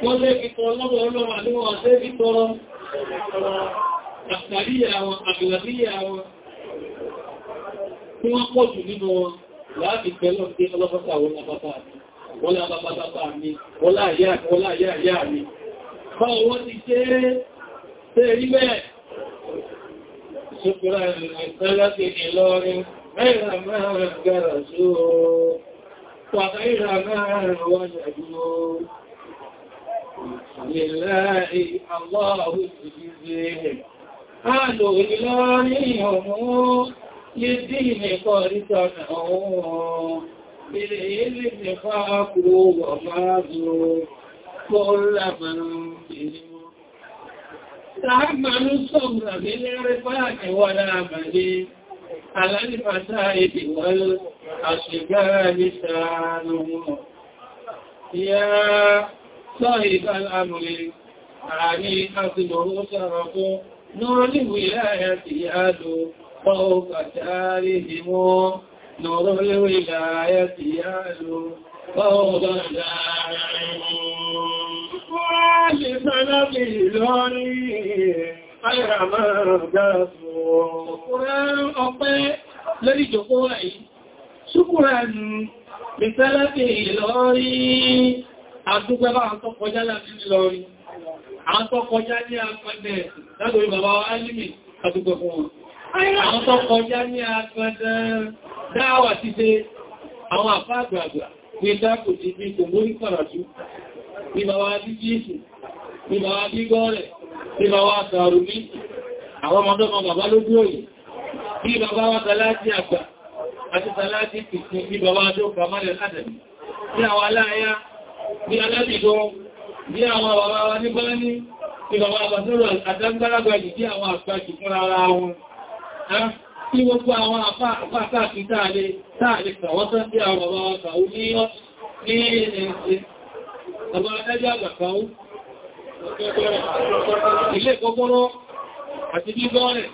wọ́n lé fi lọ́wọ́ ọlọ́wà ní wọ́n lé fi àtàríyà wọn àgbìlàríyà wọn tí wọ́n pọ̀ jù nínú wọn láti pẹ̀lọ́ sí ọlọ́pàá wọn lápapá àti wọ́n lápapá mi wọ́n láyé àyá mi bá owó ti ṣe ṣe rí bẹ́ẹ̀ ṣùgbọ́n ìrìnlẹ́lẹ́sì Ìlọrin mẹ́rin mẹ́rin gẹ́rẹ̀ sí o pàtàkì ìrìnlẹ́rìn wọ́n لله الله يجزيهم قالوا إلههم للدين قد صنعوا بالعلم فاقوا وماذوا كل من بهم تحملوا الصبر بالعرفات ولا مليم على المسائب والأشجار لسانهم يا صاحب الأمر علي حظمه شرف نور الولاية يهدو فوق دارهم نور الولاية يهدو فوق دارهم والفنا بلوني خير ما جاسوا قرآن أطيء لذي جقوعي شكرا بسلفه لوني àdúgbẹ́ bá àtọ́ kọjá láti lọrí àtọ́ kọjá ní agbẹ́dẹ̀ látòrí bàbá alìmì àdúgbẹ́ fún wọn àtọ́ kọjá ní agbẹ́dẹ̀ dáwà ti dé àwọn àfá àgbàgbà ní dákò ti fi kò mórí pàràtú ní bàbá díjíìsù ní bàbá dígọ́rẹ̀ ní bàbá sàrùmí àwọn ọmọdọ́mọ bàbá lójú òyì bí bàbá wa tàlájí àgbà àti tàlájí pìtì ní bàbá adó kàmálẹ̀ ládẹ̀ ní àwọn aláyá bí alábìgbọ́ bí àwọn bàbá wa ní bá ní tí bàbá àbàtúrò àdágbàlagbà yìí bí àwọn àgbàjì fún ara wọn tí gbogbo àwọn àpáàkì táàlé táàlé kàwọ́sán bí àwọn bàbá wa kàwú ní ọ́ ní ẹ̀ẹ̀ẹ̀ bàbá adájọ́ àgbà kàwú ilé kọ́kọ́rọ́ àti bí gọ́ọ̀rẹ̀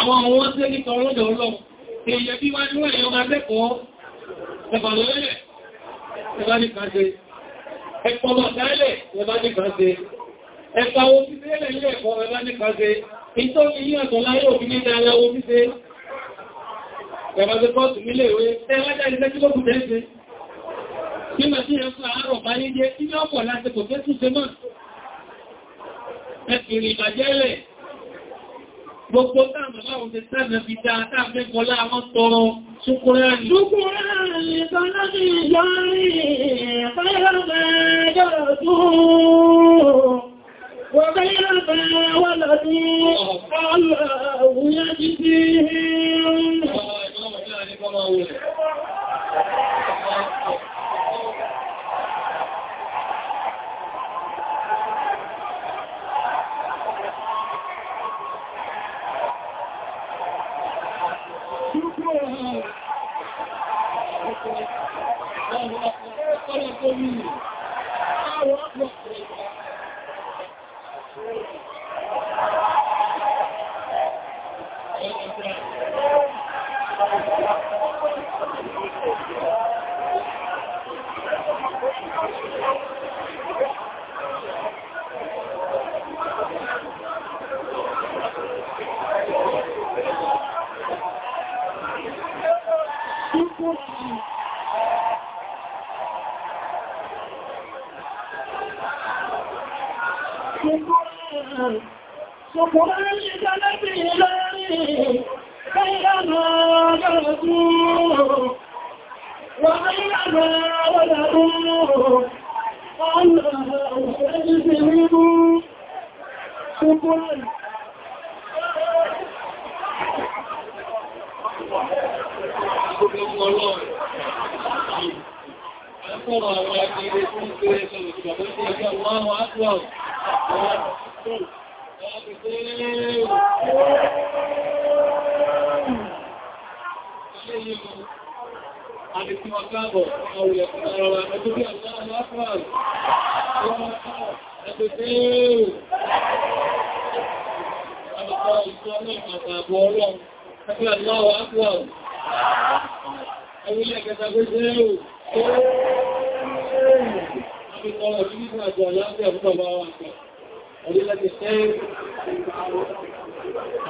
àwọn àwọn wọ́n tẹ́ nípa ọlọ́dọ̀ ọlọ́run èèyàn bí wá ní wọ́n èèyàn máa lẹ́kọ̀ọ́ ẹ̀bà lọ́lẹ́lẹ̀ ẹ̀bá ní kàṣẹ́ ẹ̀pọ̀ màtàílẹ̀ ẹbá nìkan ṣe ẹ̀pà òfíṣẹ́lẹ̀ ilẹ̀ ẹ̀pọ̀ ẹbá nìkan ṣe ìtọ́ ní yíyàtọ̀ láyé òfin ní dára òfíṣẹ́ ẹ̀bá ṣe pọ́ọ̀tù nílé ìwé ẹwà jáde lẹ́kí ló kù tẹ́ẹ̀ṣe kí mà sí ẹ̀fà àárọ̀ bá ní jẹ́ kí ní ọ̀pọ̀ lásìkò tẹ́ẹ̀ṣù ṣe mọ́ ẹ̀kìrì ìbàjẹ́lẹ̀ Gbogbo táàmù láwọn ti sẹ́nà fi dáadáa mẹ́kọlá àwọn tọrọ ṣúkúrẹ́rì. Ṣúkúrẹ́rì tọ́lá sí ìyọrí fẹ́rẹ̀mẹ́jọ́ ọdún. Wọ́n fẹ́rẹ̀mẹ́ wọ́n lọ sí ọlọ́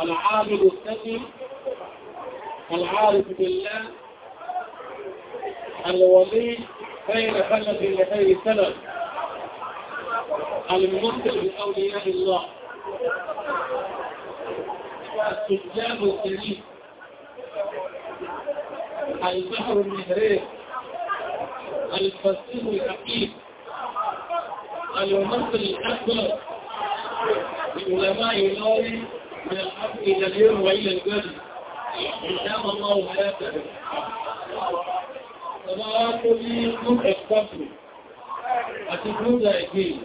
العابد التقي العارف بالله الولي بين خلف لخير سبب الممثل بأولياء الله السجاب الكريم البحر المهرير الفصيح الحكيم الممثل الأكبر لعلماء الله من الحق إلى اليوم وإلى الجنة إنما الله حياته فما تريدكم اختصروا أتكون ذائقين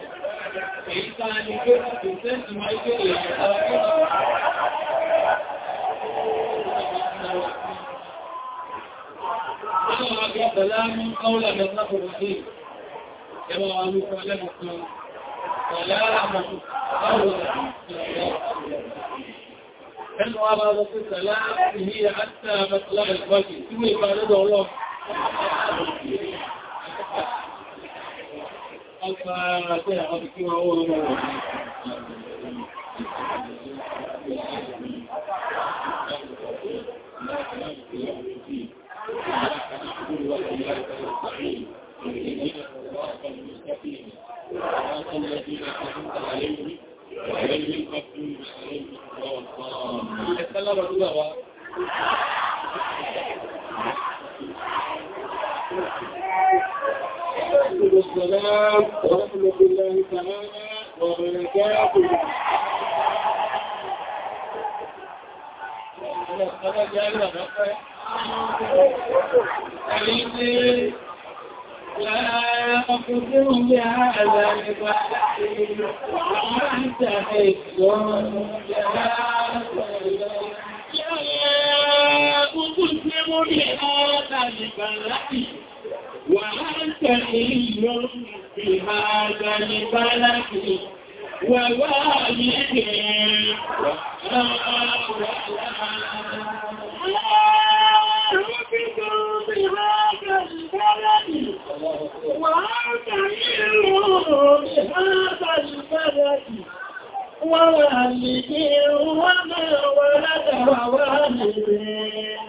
èyí tá a ní pé ìsẹ́sì máa jẹ́ èyí ara pé Àwọn àgbà Bàlámú Áúlà Mẹ́sàkò Rọ̀dé, ẹwà àwọn olùkọ́ lẹ́gbẹ̀ẹ́ kan, Bàlámú Áúlà Mẹ́sàkò Rọ̀dé. ẹnu wa bá lọ sí sẹ̀lá ìhí àtà mẹ́sàlá ìgbàkì tí wọ́n ìgbà lọ́dọ̀ ọlọ́ Ọgbà àti àwọn ìkíwà owó ọmọ wọn. ba tu ba Assalamu alaikum wa rahmatullahi wa barakatuh. kú sí mórí ẹ́ta nìbàláì wà ń tẹ̀lé ìlú ìbáadà nìbàláì wà wà ní ẹgbẹ̀rẹ̀ wà Wọ́n wà ní kí wọ́n mẹ́wàá látàwà wà nílẹ̀.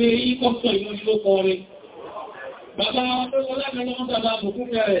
pé ikọ́pọ̀ ìmúlò kọrin. Bàbá wọn tó sọ láti ọlọ́mọ́ta bá bùkún rẹ̀.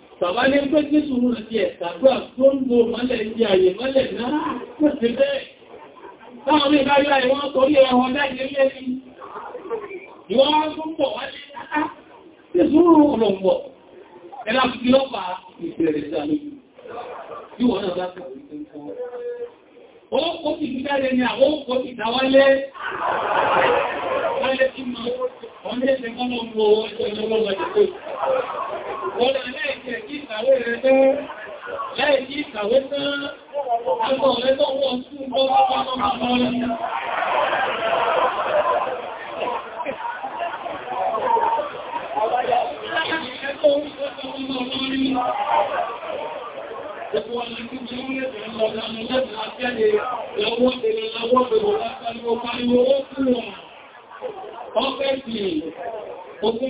Bàbá ní pé kí sùúrù àti ẹ̀sàgbà tó ń bo mọ́lẹ̀ ìdí àyè mọ́lẹ̀ náà kò sí bẹ́ẹ̀. Táwọn ní bá yá ìwọ́n torí ẹ̀họ́ láìlé lẹ́rí. Ìwọ́n tó ń bọ̀ wálé náà tí sùúrù ọlọ́m̀bọ̀. Ẹlá fi lọ́pàá ìfẹ̀rẹ̀ ó kó ti jáde ní àwọn ti dáwálé wálé tí ma wọ́n lè ṣe mọ́nà mọ́ owó ẹjọ́ ìlọ́lọ́gbà ìpò wọ́n láìkẹ̀ kí ìkàwé rẹ̀ tẹ́ láìkí ìkàwé tán agbọ̀n rẹ̀ tó wọ́n tún bọ́ Thank Ogún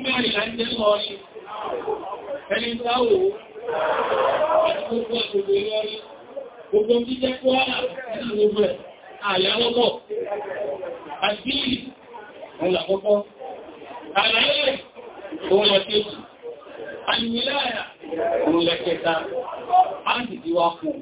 mẹ́rin láti jẹ́ lọ́rí, ẹni táwò, àti gbogbo ọ̀gbogbo lọ́rí, gbogbo jíjẹ́ kó ara ẹni gbogbo ẹ̀, àyàwọ́pọ̀, àti òun làkọ́kọ́, àyàwẹ́ òun lẹ́kẹ́jì, àyìnlẹ́ àyà òun lẹ́kẹta, á sì ti wá fún un.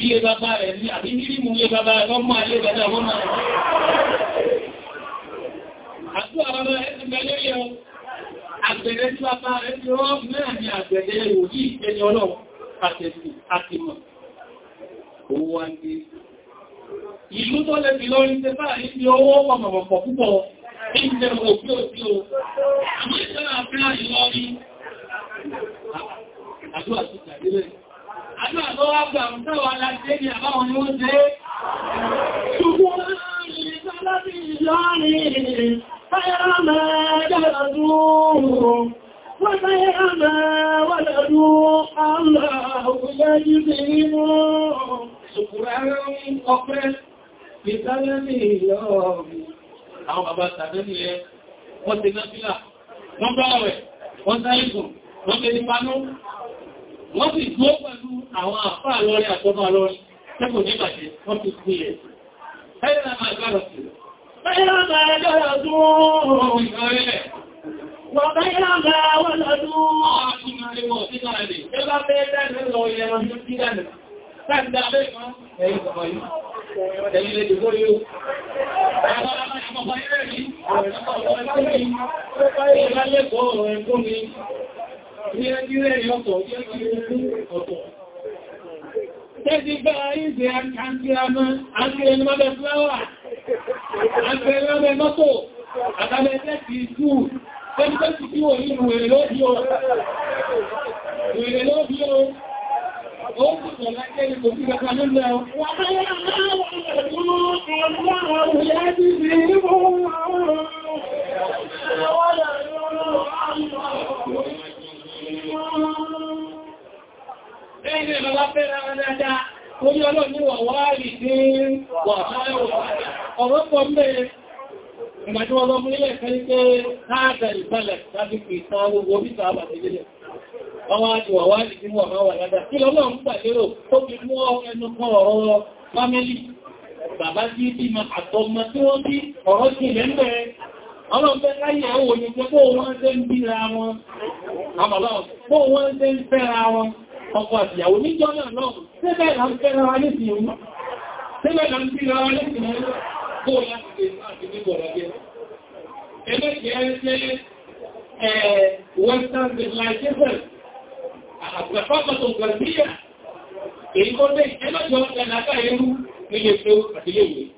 ilé bàbá rẹ̀ ní àbí mírímù ilé bàbá rẹ̀ ọmọ ilé bàbá wọn máa rẹ̀. Àtú àwọn ẹgbẹ̀lẹ́ yẹ àgbẹ̀rẹ̀ tí bàbá rẹ̀ tí ó mẹ́rin ní àgbẹ̀rẹ̀ òjí ìpẹni ọlọ́run àtìmọ̀. Owó wá ń gbé. Ìlú tó lẹ́bí lọ́rí tẹ́ bá rí ti owó pọ̀mọ̀pọ̀ púpọ̀ ìjẹ́ òbí òbí o. Àmì ìjọ́ àfẹ́ àìlọ́rí. Àdúrà sí ìjàdílẹ̀ àjọ́ àtọ́ wá gbà ń tẹ́wàá láti ní àbáwọn ni wọ́n jẹ́ ṣùgbọ́n láàrin sálábí láàrin fẹ́ra mẹ́jọ́rọ̀ dúró wọ́n fẹ́ra mẹ́wọ́lẹ̀ dúró aláàwòyẹ́ jíbi nínú ṣùgbọ́n ọpẹ́ ìsálábí lọ́ọ̀rùn àwọn bàbá tàbí ní ẹ wọ́n ti náà wọ́n sì dúó pẹ̀lú àwọn àfá lọ́rẹ́ àtọ́mà lọ́rẹ́ tẹ́kù ní bàjẹ́ wọ́n ti kú ilẹ̀ ẹ̀yẹ́ra máa gbára sí ẹ̀yẹ́ra máa gbára dúró ìgbàrẹ́lẹ̀ wọ́n bẹ́yẹ́ra máa wọ́n lọ́dún ọ̀túnmọ̀ ẹ̀wọ̀n sínú ẹ̀lẹ̀ ẹgbà bẹ́ẹ̀ dẹ́rẹ́ lọ ìyẹran tó sí dẹ́rẹ́ láti dábẹ́ ẹ̀yìn ọmọ yìí ẹ̀yìn lè dìbò yóò ẹ̀yìn ọmọ yìí ẹ̀yìn ọmọ yìí Tẹ́jì bá ìdí àti àmà àti ẹni mọ́bẹ̀ fúláwà, àti ẹni mọ́bẹ̀ mọ́tò, àtàbẹ̀ tẹ́jì ìjú, tẹ́jì tó ti kí wò ní ìwèrè lóbi o. Ìwèrè lóbi o, ó sì tọ̀ láti ẹni kò sí kẹta nílẹ̀ o. Wà máa Ẹni ẹ̀rọ wá fẹ́ ra dáadáa, orí ọlọ́run ní wàwárí ní wàhálà ọrụ pọ̀ mẹ́rin. Ìgbàjú ọlọ́run nílẹ̀ fẹ́ pé káàkiri ìbálẹ̀ láti fi ìtàn owó bíta àbàtẹ̀lẹ̀. ọlọ́pẹ́ láyé ẹ̀wò ní pé bó wọ́n tẹ́ ń bíra wọn àbàláwọ̀ bó wọ́n tẹ́ ń fẹ́ra wọn ọkọ àtìyàwó níjọ́ náà náà tẹ́bẹ̀ là ń fẹ́ra wa ní ìsìn òun tẹ́bẹ̀ là ń bíra wa ní ìsìn òun bó láti ṣe láti ní bọ̀rọ̀ bí ẹlẹ́gbẹ̀ẹ́ ṣe western civilization àgbàfàbàtò gbàgbíyà èyí tó dé ẹlọ́jọ́ ẹ̀làkà ẹrú nílé tó àtìlẹ́wẹ̀ẹ́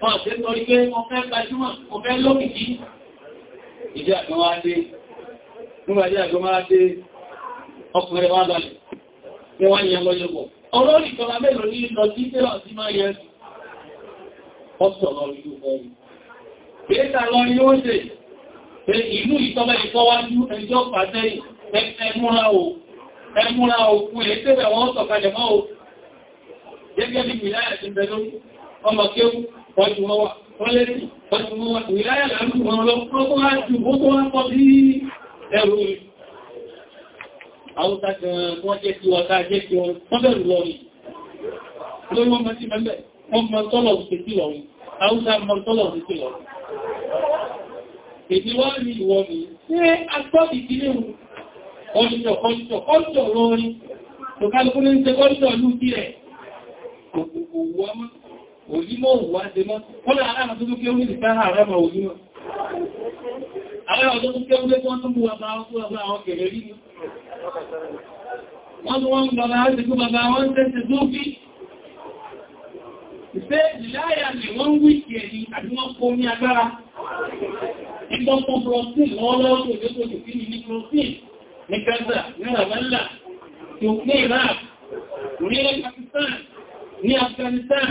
wọ́n ṣe ń torí pé wọ́n fẹ́ gbajúmọ̀ wọ́n fẹ́ lókìkí ìjẹ́ àgbọn wá dé nígbàdí àgbọn wá dé ọkùnrin wá lọlẹ̀ ní wọ́n yẹn lọ yẹ́bọ̀ ọ̀rọ̀ ìjọba mélòó ní lọ sí tẹ́lọ̀ sí máa yẹ ọ̀sọ̀ lọ rí lóòrùn pẹ́ẹ́ta lọ rí ó ṣe pé ìlú ìtọ́lẹ̀ ìfọwájú ẹjọ́ pàtẹ́ ẹmúra o ẹmúra o fún ètẹ́bẹ̀ wọ́n sọ̀kalẹ̀ mọ́ o gẹ́gẹ́ bí ìlàyà ti bẹ̀ lórí ọmọ kéwù wọ́n ti wọ́n wà wọ́n lẹ́sì wọ́n ti wọ́n wà ìláyà láàrú wọn lọ kọ́kọ́ wá jù ó tó wá pọ̀ sí ẹ̀rù rẹ̀ àwọ́ta gan wọ́n jẹ́ kí ọ̀tá jẹ́ kí wọ́n bẹ̀rù lọ́rin lórí wọ́n mọ́ sí mẹ́lẹ̀ wọ́n mọ́ tọ́lọ̀ sí lọ́rin àwọ́ta mọ́ tọ́lọ̀ sí lọ́rin èdè wọ́n rí ìwọ̀n mi ṣe agbọ́bì kí léwu ọjọ́ ọjọ́ ọjọ́ lọ́rin òyímọ̀ òwúwá ṣe mọ́ kọ́lá aláàmà tó tó dúkẹ́ orí ní agbára ìgbọ́nkọ́ protein wọ́n lọ́wọ́ tó ìgbẹ́kọ̀ọ́ tó fi ní protein ní kẹta ní ní Pakistan ní Afghanistan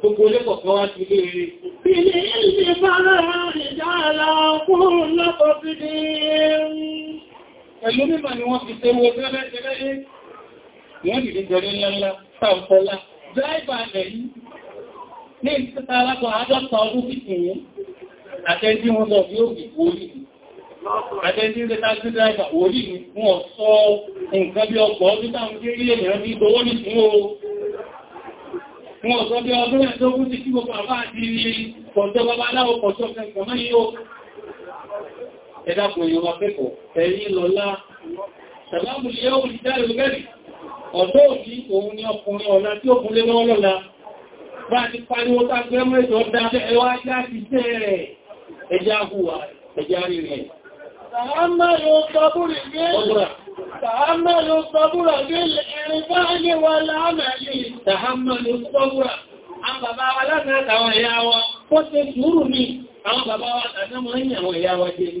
gbogbo olẹ́kọ̀ọ́kọ́ wá sí ilé rí. Ilé ilé fara ìjà fún lọ́pọ̀ sí ní ẹ̀lú mímọ̀ ni wọ́n fi ṣe wo gẹ́gẹ́gẹ́gẹ́ ní ìsẹta alákọ̀ wọn sọ bí ó bì orí ni. Àtẹ́jí ń tẹ́ta sí dráìbà orí ni wọ́n sọ nǹkan bí ọkọ̀ ọdún táwọn kéré ènìyàn bí gbowó nìsín o wọn ọ̀sọ́ bí ọdún ẹ̀dọ́gún ti kí gbogbo àbá àti ilé pọ̀jọ́ babaláwo pọ̀jọ́ kẹfẹ́ mọ́ yíó ẹ̀dàkùn èèyàn wa pẹ́kọ̀ ẹ̀rí lọ́lá sàbábù lè yọ́ olùdáre lórí ọ̀dọ́ òní òun ni ọkùnrin ọ̀la tí ó kúnlé lọ́wọ́ lọ́la bá ti pariwo tágbé mẹ́jọ dáadẹ́ ẹwà já ti tẹ́ rẹ̀ ẹjá hùwà ẹjá rí rẹ̀ تعملوا الصبر بالإرفاق والعمل تعملوا الصبر àwọn bàbá wa láti àtàwọn ìyá wa kó ṣe àwọn bàbá wa àwọn ìyá wa jẹ́ ní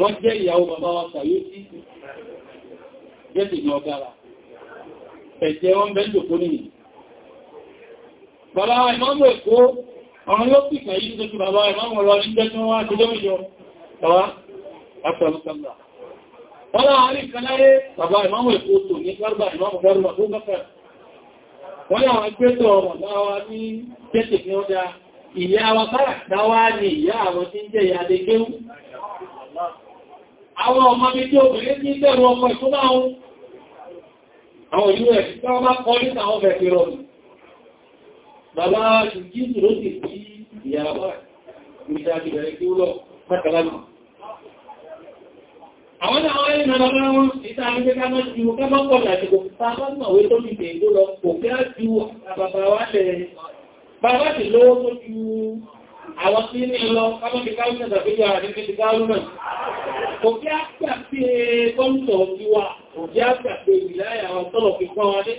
wọ́n jẹ́ ìyàwó bàbá wa sàyé sí jẹ́sì ní ọgára ẹ̀jẹ́ wọ́n bẹ́ lòkó nìyí bàbá wa ìmọ́mù èkó ọ̀rọ̀ yóò sì kàyí tó tó bàbá ìmọ́mù ọ̀rọ̀ ní jẹ́ tí wọ́n wá ti lómìnjọ bàbá afẹ́lúkàmà wọ́n láàárín kanáyé bàbá ìmọ́mù èkó tó ní gbárùbà ìmọ́mù gbárùbà tó bẹ́fẹ́ wọ́n ní àwọn ẹgbẹ́ tó ọmọ bá wa ní ìyá wa sára dáwà ní ìyá àwọn tí ń jẹ́ ìyá adé kéwù àwọn ọmọ mi tí obìnrin ní ìbẹ̀rù ọkọ̀ ìtúnmá ohun àwọn ìlú ẹ̀ tí wọ́n bá kọ́ ní àwọn bẹ̀fẹ̀ rọ̀ bàbá jùgíjù ló ti sí ìyàwó ìdájìbẹ̀rẹ̀ kí ó lọ mẹ́tàlánà àwọn àwọn ẹ̀rìnà bàbá wọn ìta àríkẹ́ká mọ́ ju kẹ́mọ́kọ̀ láti kò fún bàbá mọ̀wé tó ti àwọn tí ní lọ kámọ́bí káwùsẹ̀ tàbíyà àdínkì ti káwùmẹ̀ kò kí á pẹ̀ pé kọ́mùsọ̀ ti wà kò kí á pẹ̀ pé ìlàyà àwọn tọ́lọ̀ fi pọ́n wadé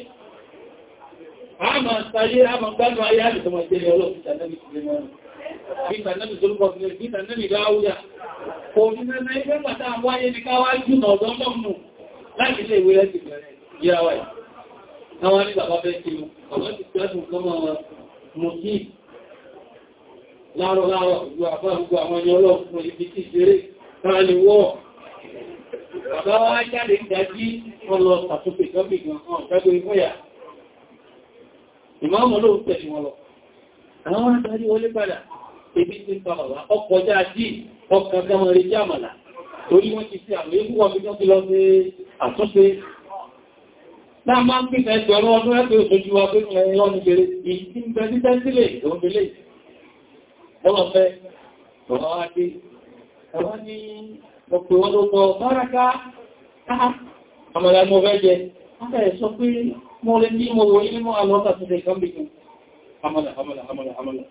a máa sáyé a máa gbádùn ayé àdìsọmọ̀ ìjẹ́lẹ̀ ọlọ́pìtà Àwọn ní bàbá bẹ́ẹ̀ tí ó, ọ̀gọ́ ti pẹ́ fún kọ́mọ̀ wọn, mo kí láàrọ̀ láàrọ̀ ìlú àbá gbogbo àwọn ẹni ọlọ́pùn ibi tí ṣeré náà ni wọ́ bàbá wá jáde ìdájí ọlọ pàtókè tọ́bì gan kan ọ̀tẹ́gbé fọ́yà ìmọ́mọ̀ ló ń tẹ̀sí wọn lọ àwọn adarí wọlé padà ebi ti ń pa bàbá ọkọ̀ jáàjì ọkọ̀ gọmọ rí jàmàlà torí wọ́n ti fi àwọn ikú wọn fi tán ti lọ sí àtúnṣe náà máa ń pín ẹgbẹ̀rún ọdún ẹgbẹ̀rún ojú wa pé ẹ̀rọ nìgbèrè ìdí ń bẹ sí tẹ́sílẹ̀ ìdóńbélé lọ́wọ́ fẹ́ bọ̀bá wá dé ẹwọ́n ní ọ̀pẹ̀ wọn ló pọ̀ báraka àmàlà mo fẹ́ jẹ wọ́n sọ pé mo lè ní mo wọ ilé mọ́ alọ́ta ti ṣe kan bìkan àmàlà àmàlà àmàlà àmàlà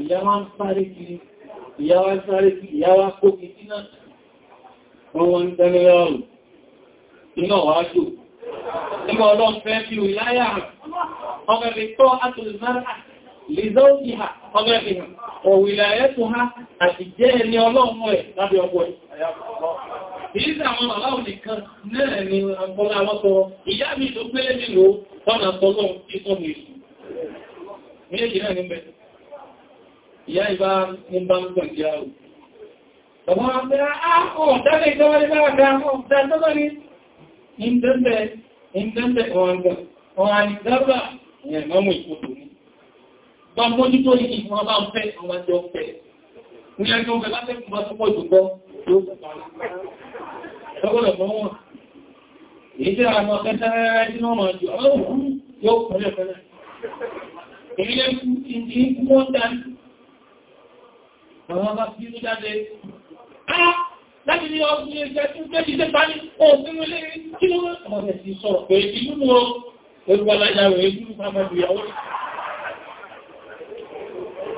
ìyá wá ń sáré kiri ìyá wá ń sáré kiri ìyá wá kó kìí sínà wọ́n wọ́n ń وقضائها وولايتها أتجاه لي الله موي ربي أقول Ìrísí àwọn aláwọ̀ nìkan náà ni ọ̀pọ̀lá àwọn tọrọ, ìyá mi ló gbélé nílò fọ́nà tọ́lọ́ ìtọ́nù ìṣù. Méjì náà ní mẹ́. Ìyá ìbá ń bá ń gbọ̀n jẹ́ àrù. Bàbá wọn bẹ́ra, "Ah, ọ̀dẹ́lẹ̀ ìjọwọ́lẹ́ bá wà dáa, ọ̀dẹ́ tọ́lọ́ ni." Ìndẹ́ndẹ́, ìndẹ́ndẹ́ ọ̀rọ̀ bá mójútó yìí wọ́n bá ń fẹ́ àwọn àjọ fẹ́ ní ẹjọ́ ọgbẹ̀ láti fún bá túnpọ̀ jùgbọ́ lọ́gbọ̀lọ̀ mọ́ wọn èyí tí àwọn ọ̀fẹ́ sẹ́rẹ́rẹ́ tí wọ́n máa jù ọlọ́run yóò kọ̀lẹ̀ fẹ́rẹ́ èyí lẹ́kú ìdí wọ́n dání àwọn bá fi ní jáde láti ní ọdún ẹgbẹ́ tí ó tẹ́jì tẹ́ parí òfin ilé kí ló wọ́n ọmọdé sí sọ̀rọ̀ pé ìlú mú ọ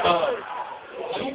Ìyàwó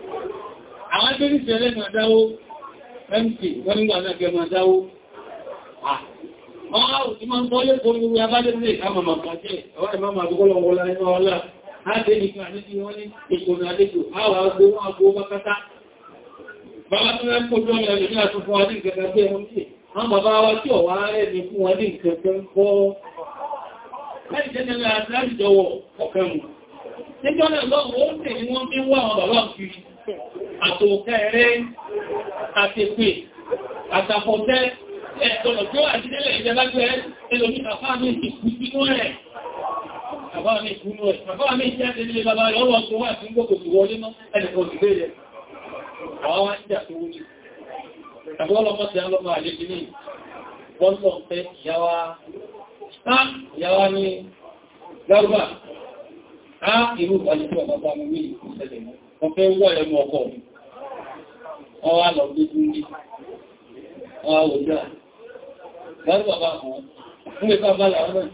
àwọn tó nífẹ́ lẹ́mà dáwó mp wọ́n nígbà náà fẹ́ máa dáwó àwọn àwọn tí máa ń bọ́lé kó ní abájẹ́ ní ìkámà máa pàjẹ́ ọwọ́ ìmá máa gbogbo lọ́wọ́ láì máa ọlá láti nìkan àdéjì wọ́n ní ìkòrò àdéjì àwọn àgbò wọn àgbò bákátá bàbá tó rẹ́ kójú ọmọ ẹ̀rẹ̀ ní àtúnfún adé ìkẹta bí ẹmọ sí àwọn bàbá wa tí àtòkẹ́rẹ́ àtẹ̀pẹ̀ àtàfọ̀tẹ́ ẹ̀tọ̀nà tí ó wà sílẹ̀ ìjẹba jẹ́ ẹlòmí bàbá mi ìkú sínú rẹ̀ bàbá mi ìkú nú rẹ̀ bàbá mi ìjẹ́ ẹ̀lẹ́ bàbá rẹ̀ ọwọ́ tó wà sí gbogbo ìwọlé mọ́ ẹnìkan ìgbé rẹ̀ àwọn wá ń jà tó wúlé tàbí ọlọ́mọ́ ti alọ́mọ àlejì ní bọ́lọ̀ pẹ́ ìyáwá ní lárúbà á ìlú ìbálòpọ̀ bàbá mi ní ìkú sẹ́lẹ̀ mọ́ mo fẹ́ wọ́ ẹnu ọkọ̀ wọ́n wá lọ gbé fún ní wọ́n wá wòjá gbárí bàbá àwọn nílé bá bá wọ́n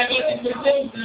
Ẹgbẹ́ ti pẹ̀lú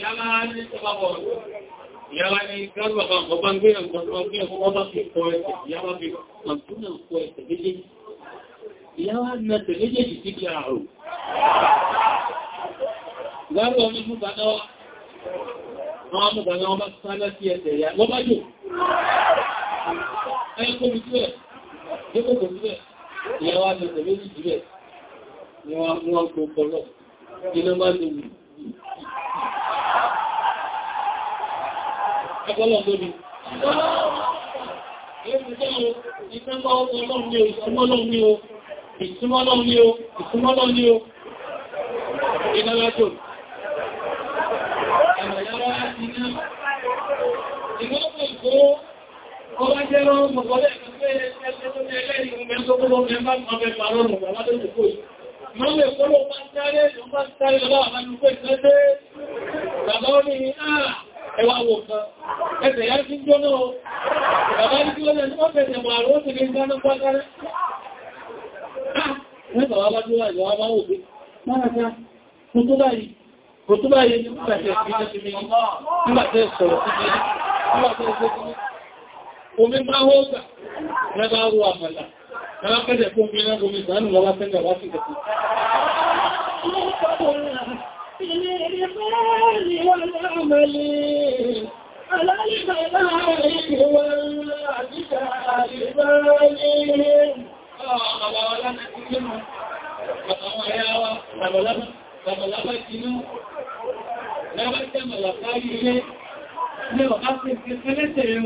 Ìyáwá ni gbọ́gbọ̀n ọba ń gbé ọgbọ́n ọba fi kọ ẹ̀sẹ̀, ìyáwá fi ọ̀tún náà kọ ẹ̀sẹ̀ méjèèjì. Ìyáwá ní ẹ̀sẹ̀ méjèèjì sí kí ààrù. Gbárùn ọmọ ìfún bàtọ́, àwọn amúgbàmí ọba sáré sí ẹ̀sẹ̀ ìyá lọ́bá jù. Ẹ̀kọ́ mi síbẹ̀, ẹ̀kọ́ mi síbẹ̀, ìyáwá ní ẹ̀sẹ̀ méjèèjì síbẹ̀, ni wọ́n gbogbo lọ, iná máa ń lè wù. Ẹgbọ́lọ̀ lórí. Ìgbọ́lọ̀ ìgbó, ọwá jẹ́ lọ́rùn mọ̀kọ́lẹ̀ ẹgbẹ́ ẹgbẹ́ ẹgbẹ́ ẹgbẹ́ ìgbẹ́ tó kó lọ́rùn ẹgbẹ́ ọmọ ẹgbẹ́ àrọ́rùn ọmọdé ìgbó yìí mọ́lẹ̀ kọ́lọ bá sáré lọ bá sáré lọ bá wọn pẹ́ sẹ́sẹ́ bàbá ó ní àà ah, ẹwà wò kan ẹsẹ̀ yá sí jóná o bàbá ní kí lọ́nà ó fẹ̀sẹ̀ mọ̀ àrùn ó sì ní ìdáná pátárẹ́ ní bàbá bá tó wà ìwà bá wò pé máraka kò tó báyìí kò omi máa wọ́gbà rẹ́ bá rú àmàlà Ẹ̀rọ pẹ́jẹ̀ fún mi náà gómi sàánù lọ́wọ́ sẹ́jẹ̀ wá sí ìgbẹ̀kùn. Ní ọ̀ká sí ìfẹ́lẹ́tẹ̀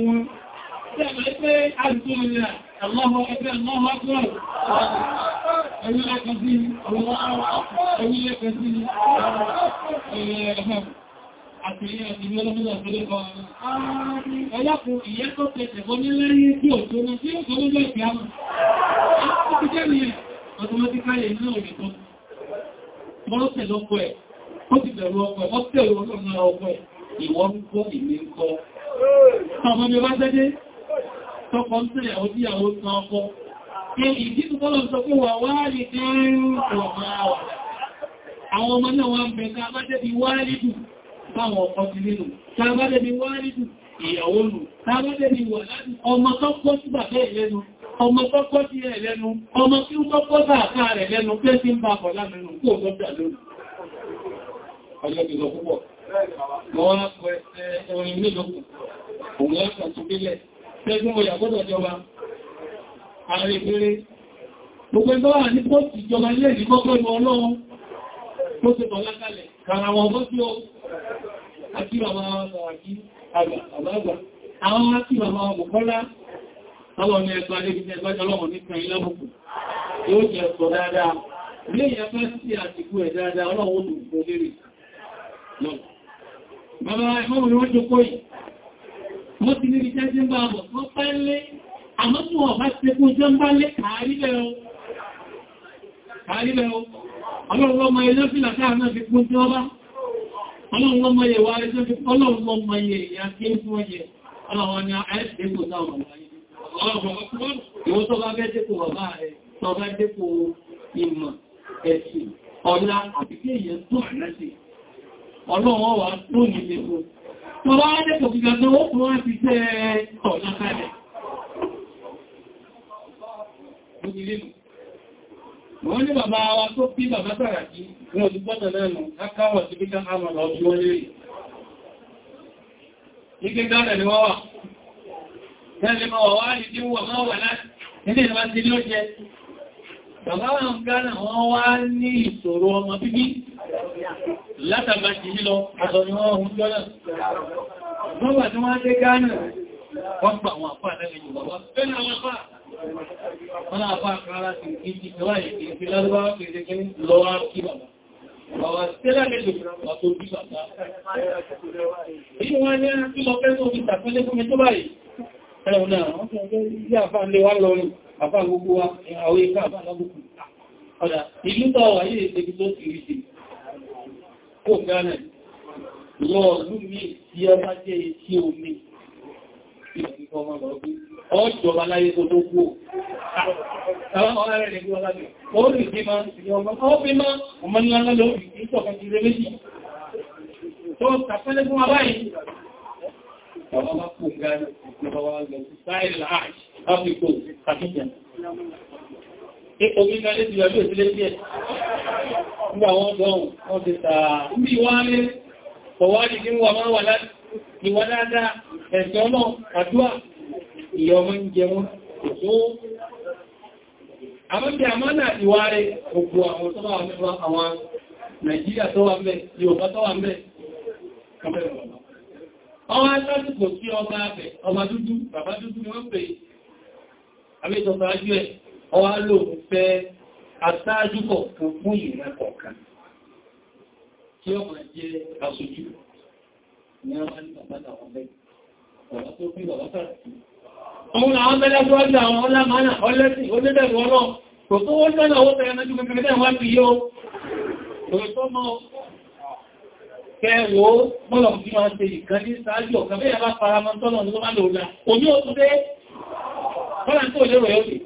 wọn mọ́ pé tí ń bá bọ̀ lámẹ́nu kó tó dà lónìí. Ọjọ́ ìlọ púpọ̀. Wọ́n orin nílòkù, òun ẹ̀kàn tó bílẹ̀. Tẹ́gbùn mo yàgbọ́dọ̀ jọba, ààrẹ ìpínlẹ̀. Gbogbo ẹgbẹ́ wà ní pọ́ọ̀tì Tọ́lọ ní ẹgbẹ́ alébìnrin ẹgbẹ́ ọlọ́run ní kan ilé Yóò jẹ sọ dáadáa. Ilé ìyẹn fẹ́ sí àtìkú ẹ̀ dáadáa ọlọ́run ó lù fún Bàbá ẹ̀mọ́ ni wọ́n jókòó yìí. Wọ́n ti níbi jẹ́ jẹ́ ń bá bọ̀. Wọ́n pẹ́ lé, àmọ́ tí wọ́n bá ti kú jẹ́ ń bá lé kàárí lẹ́ o. Kàárí lẹ́ o. Ọlọ́run lọ́mọ ẹjọ́ fìlà káà náà fi kú tí wọ́n bá. Ọlọ́run lọ́mọ ẹ̀wà ẹjọ́ fi ọlọ́run lọ́mọ ẹ̀yà kí ń fún ọjẹ́. Ìwọ tó bá fẹ́ dépò bàbá rẹ̀, tó bá dépò ìmọ̀, ẹ̀sìn, ọlá àti kí èèyàn tó àrẹ́sì. Ọlọ́run wà tó nílé fún. Tó bá dépò gíga tó wọ́n fún wọ́n ti tẹ́ ọ̀nà kalẹ̀. Wọ́n ní bàbá wa tó bí bàbá Sàràkí, wọn ò ti gbọ́dọ̀ lẹ́nu, ká káwọ̀ sí bí ká hàmà lọ bí wọ́n lè rí. Ní kí dáadẹ̀ ni wọ́n wà. Tẹ́lẹ̀ máa wà ní tí wọ́n máa wà láti ilé ìwá ti ló jẹ. Bàbá wọn gánà wọ́n wá ní ìṣòro ọmọ bíbí látàgbà jì lílọ ọ̀dọ̀ ni wọ́n hun jọ́nà. Wọ́n wà tí wọ́n dé gánà wọ́n gbà wọn àpá àdáyé jù bàbá. Fẹ́lẹ̀ àwọn àpá wọ́n àpá àkàrà sí ìjì ìwáyé kìí sí lárúbáwá kìí sí kí lọ́wọ́ kí bàbá. Bàbá sílẹ̀ lè lò ẹ̀rùn náà wọ́n fún lè wá lọrin àfáà gbogbo àwọn ikọ́ àfáà lọ́gbùkù ọ̀dà ìlú bá wà yìí ètò tó ti rí sí kò gánà lọ́ọ̀lú mi tí ọ bá jẹ́ etí omi ọjọ́ba láyé abáyìí, ọmọ bá kò gánà lọ́wọ́ wá lọ sí sáìlì àṣì áfíkò kàtíjà omi náà lè ti yàjú ìsílé díẹ̀ nígbà wọ́n dọ̀hùn wọ́n ti tàà ní ìwálé ọwádìí ní wà máa wà níwà dáadáa ẹ̀sẹ̀ ọmọ àdúwà ìyọ ọmọ ń jẹ wọn tó àmọ́bí àmọ́nà ìwà rẹ̀ gbogbo àwọn tó wà mẹ́fà àwọn Nàìjíríà tó wà mẹ́ Yorùbá tó wà mẹ́ kàmẹ́rẹ̀ ọwọ́ alásìkò sí ọba abẹ̀ ọba dúdú bàbá dúdú ni wọ́n pè àbẹ́tọ̀ta ajú ẹ̀ ọwọ́ alóòrùn fẹ́ aṣáájú kọ̀ọ̀kan fún ìran kọ̀ọ̀kan tí ó máa jẹ́ aṣojú ní àwọn alìbàbádà wọn bẹ́ẹ̀ ọ̀rọ̀ tó bí bàbá sàrẹ̀kì ọmọ àwọn bẹ́lá tó wájú àwọn ọlámánà ọlẹ́sìn oníbẹ̀rù ọlọ́ kò tó wọ́n lọ́nà ó tẹ̀yẹ́ mẹ́jú mẹ́kẹ́kẹ́ kẹwọ́ mọ́lọ̀ tí wọ́n ṣe ìkan ní sáájú ọ̀kan bẹ́yà bá faramọ́ tọ́lọ̀ ní wọ́n lòrá omi ó tún dé kọ́lá tó lérò ẹ̀ òdì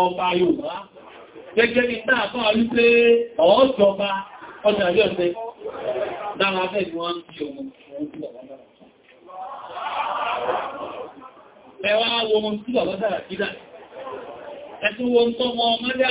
ọba Yorùbá gẹ́gẹ́ ní táà fún ọmọ ẹwà wọn tí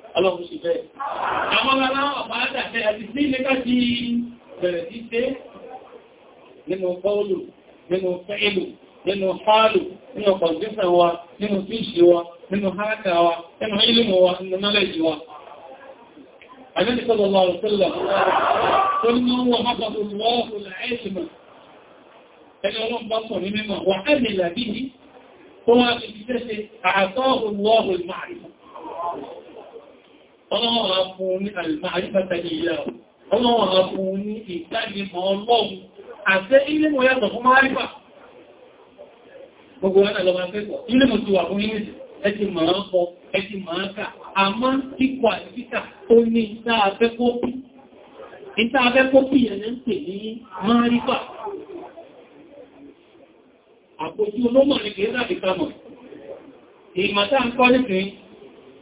ọlọ́run sí bẹ́ẹ̀. Àwọn aláwọ̀ àpáádà tẹ́ àti sí lẹ́ká ti bẹ̀rẹ̀ sí ṣe nínú bọ́ọ̀lù, nínú fẹ́ẹ̀lù, nínú fáàlù, nínú kọ̀ǹdíṣà wa, nínú fíṣì wa, nínú hárákà wa, nínú ilmù wa, nínú nọ́lẹ̀jì wa. Àjẹ́jì sọ́dọ̀ lọ́rọ̀ sílẹ̀ tó ní wọ́n máa bọ̀ lọ́ọ̀rọ̀ ẹ̀ẹ́sìmọ̀. Ẹni ọlọ́run bá sọ ní mímọ̀ wà ẹ̀mìlà bí i, tó ọlọ́wọ́n a fún ní àrífàtà ìyá ọlọ́wọ́n a fún ní ìdánimọ̀ ọlọ́run àti ilé mọ̀ yàtọ̀ fún márífà gbogbo ẹ̀nà lọ máa fẹ́kọ̀ọ́ ilé mọ̀ tí wà fún yínyìn ẹti máa kọ ẹti máa kà a kíkọ àìsíkà ó ní ìtaafẹ́kọ́pì ìtaafẹ́kọ́pì ẹ̀nà ń pè ní márífà àpòjú olómọ̀ ní kìí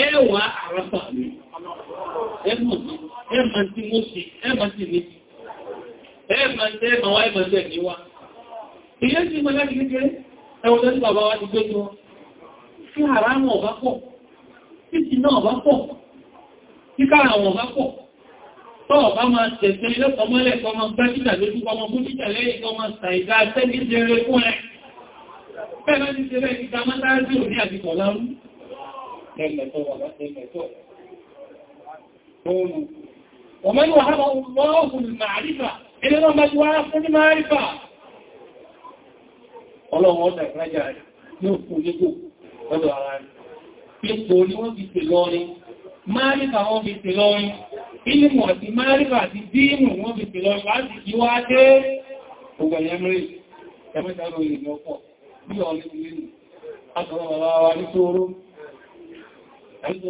ẹwà àrọ́pà mi ẹmà tí mo ṣe ẹmà tí mi ẹmà tí ẹmà wá ẹmà tí ẹ̀mí wá ìyẹ́ sí ìmọ̀ láti kékeré ẹwọ̀n tó ní bàbá wa ti gbé jọ kí àrámọ̀ ọ̀bá pọ̀ títí náà ọ̀bá pọ̀ kíkà àwọn ọ̀bá pọ̀ tọ́ ọ̀bá máa tẹ̀sẹ̀ ilẹ́kọ̀ọ́ mọ́lẹ̀ kọ́ máa gbá títà lójú kọ́ máa fún títà lẹ́yìn kọ́ máa sàìgá tẹ́lẹ̀ jẹrẹ fún ẹ bẹ́ẹ̀ bá ti ṣe bẹ́ẹ̀ ti ta mọ́tàájú òní àti kọ̀ọ̀lárú ومن وهبه الله المعرفة إلى ما جواه المعرفة ọlọ́run ọ̀dà ìrájá rẹ̀ yóò fún nígbò ọdọ̀ ara rẹ̀. Ipò ni wọ́n fi tè lọ́rin, máríkà wọ́n fi tè lọ́rin, ilmù àti máríkà àti dínù wọ́n fi tè lọ́rin láti kí wá dé ọgbà ẹ̀mẹ́rẹ̀ ẹ̀mẹ́ta lórí ìlú ọkọ̀ bí ọ̀lẹ́ Péjì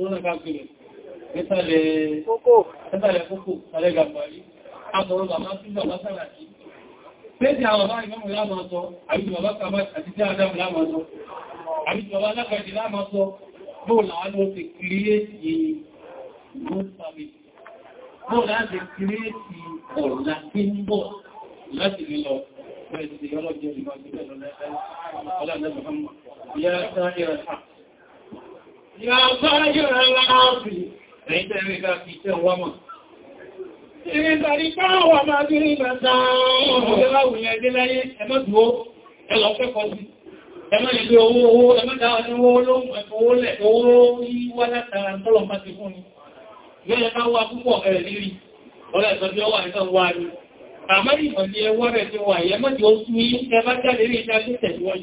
àwọn bá ìgbọ́mù lámọ́ sọ, àbíjì bàbá kàmá àti tí àdámù lámọ́ sọ, àbíjì bàbá alákàájì lámọ́ sọ, bóò láàánú ti kìrìyèsì good family, bóò láti kìrìyèsì ọ̀rọ̀lá tí ń bọ̀ láti lílọ pẹ̀lú ìyọ́lọ́jẹ́ ìgbàgbẹ̀lẹ́ Ya sáyọ̀ aláàbì, ẹ̀yìn tẹ́rẹ ká fi tẹ́ wọ́n mọ̀. Ìrìnàrí káwà máa bí rí bàtà ọmọ ìgbẹ́láwò ní ẹgbẹ́ láyé ẹmọ́ dúó, ẹlọ fẹ́kọ́ sí. Ẹmọ́ lè owó owó, ẹmọ́ owó lóhun ẹ̀fọ́ owó owó yíwá látara tọ́lọ̀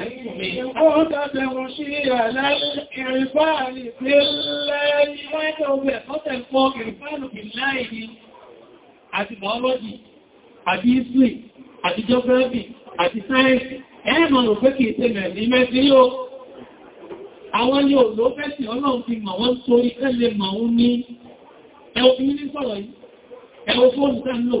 من قد تمشي على الإرفال في الليل ما توبه قتل فوق إرفال في الليل àti biology àti history àti geography àti science ẹ̀mọ̀ ló fẹ́ kìí tẹ́lẹ̀ ní mẹ́sí yóò àwọn yóò ló fẹ́ sí ọlọ́run fi mọ̀ wọ́n sórí kẹ́lẹ̀ mọ̀ ní ẹwọ́ fi ní sọ̀rọ̀ yìí ẹwọ́ fóònù tẹ́ ń lò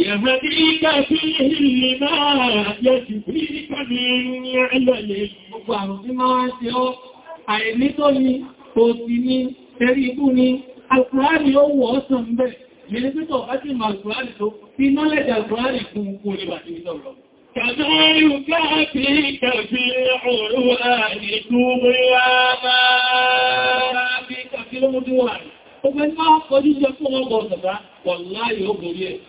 Yẹ̀mẹ̀díkà sí ilé máa yẹ ti bí kọ́dí ní ẹlọ́lẹ̀ gbogbo àrùn tí máa ń ṣe ọ́, àìní tó ní, kò sí ní, tẹ́rí ibú ní, alkùnránì ó wọ́ ọ̀sán bẹ̀, mẹ́rin pítọ̀ bá ti máa alkùnránì tó, fi nọ́lẹ̀dì alkùnránì fún kú ní bàtí ìtọ̀rọ̀. Kàdọ́rùn-ún káàkiri kàfí ọ̀rọ̀ àìdúgbìwà máa bí kàfí lọ́mọdúnwà. Ó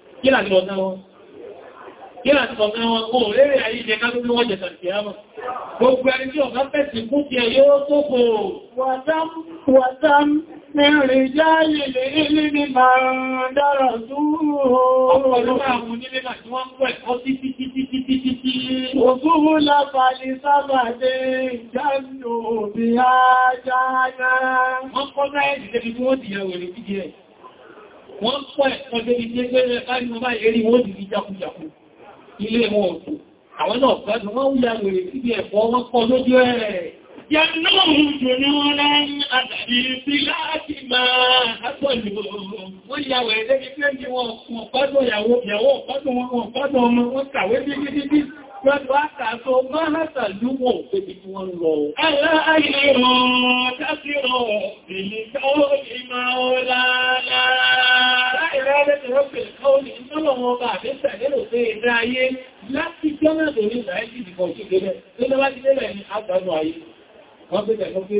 Kílà ti ọ̀gá wọn? Kílà ti ọ̀gá wọn? Kò lérè ayé jẹ ká lórí wọ́n jẹta ìfẹ́ àmà. Gbogbo ẹni tí ọ̀gá pẹ̀sì fún ti ẹ̀yẹ́ ó tó kò. Wàtám, wàtám, mẹ́rin jáyè lè ilé ní màrùn-ún dára súúrù. Ọ̀pọ̀lọpọ̀ àwọn onílé náà tí wọ́n ń pẹ̀ wọ́n pọ̀ ẹ̀kọ́ débi tí gbẹ́rẹ̀ káàrí báyìí rí wọ́n dìí jákújákú ilé wọn ọ̀tọ̀ àwọn náà gbádùn wọ́n wúyà lórí síbi ẹ̀kọ́ wọ́n pọ̀ lójú ẹ̀ Yàlọ́run Wọ́n wá kàtó máa hàtà lúwọ̀ pẹ̀lú tí wọ́n lọ. Ẹ̀lá ayé rọ̀ kásìrọ̀ ìlú káwọ́ ìmá ọláàlá. Láìrá lẹ́tẹ̀ rọ́pẹ̀ káwọ́ ní ìtọ́lọ̀wọ́ bá àbẹ́sẹ̀ lérò pé ìdá ayé láti jọ́nà lórí ìdáyé ìdìkọ̀ ìṣẹ́gbẹ̀rẹ̀. Lọ́nà wá ti lẹ́lẹ̀ ní àgbàmù ayé. Wọ́n bẹ̀rẹ̀ lọ́pẹ́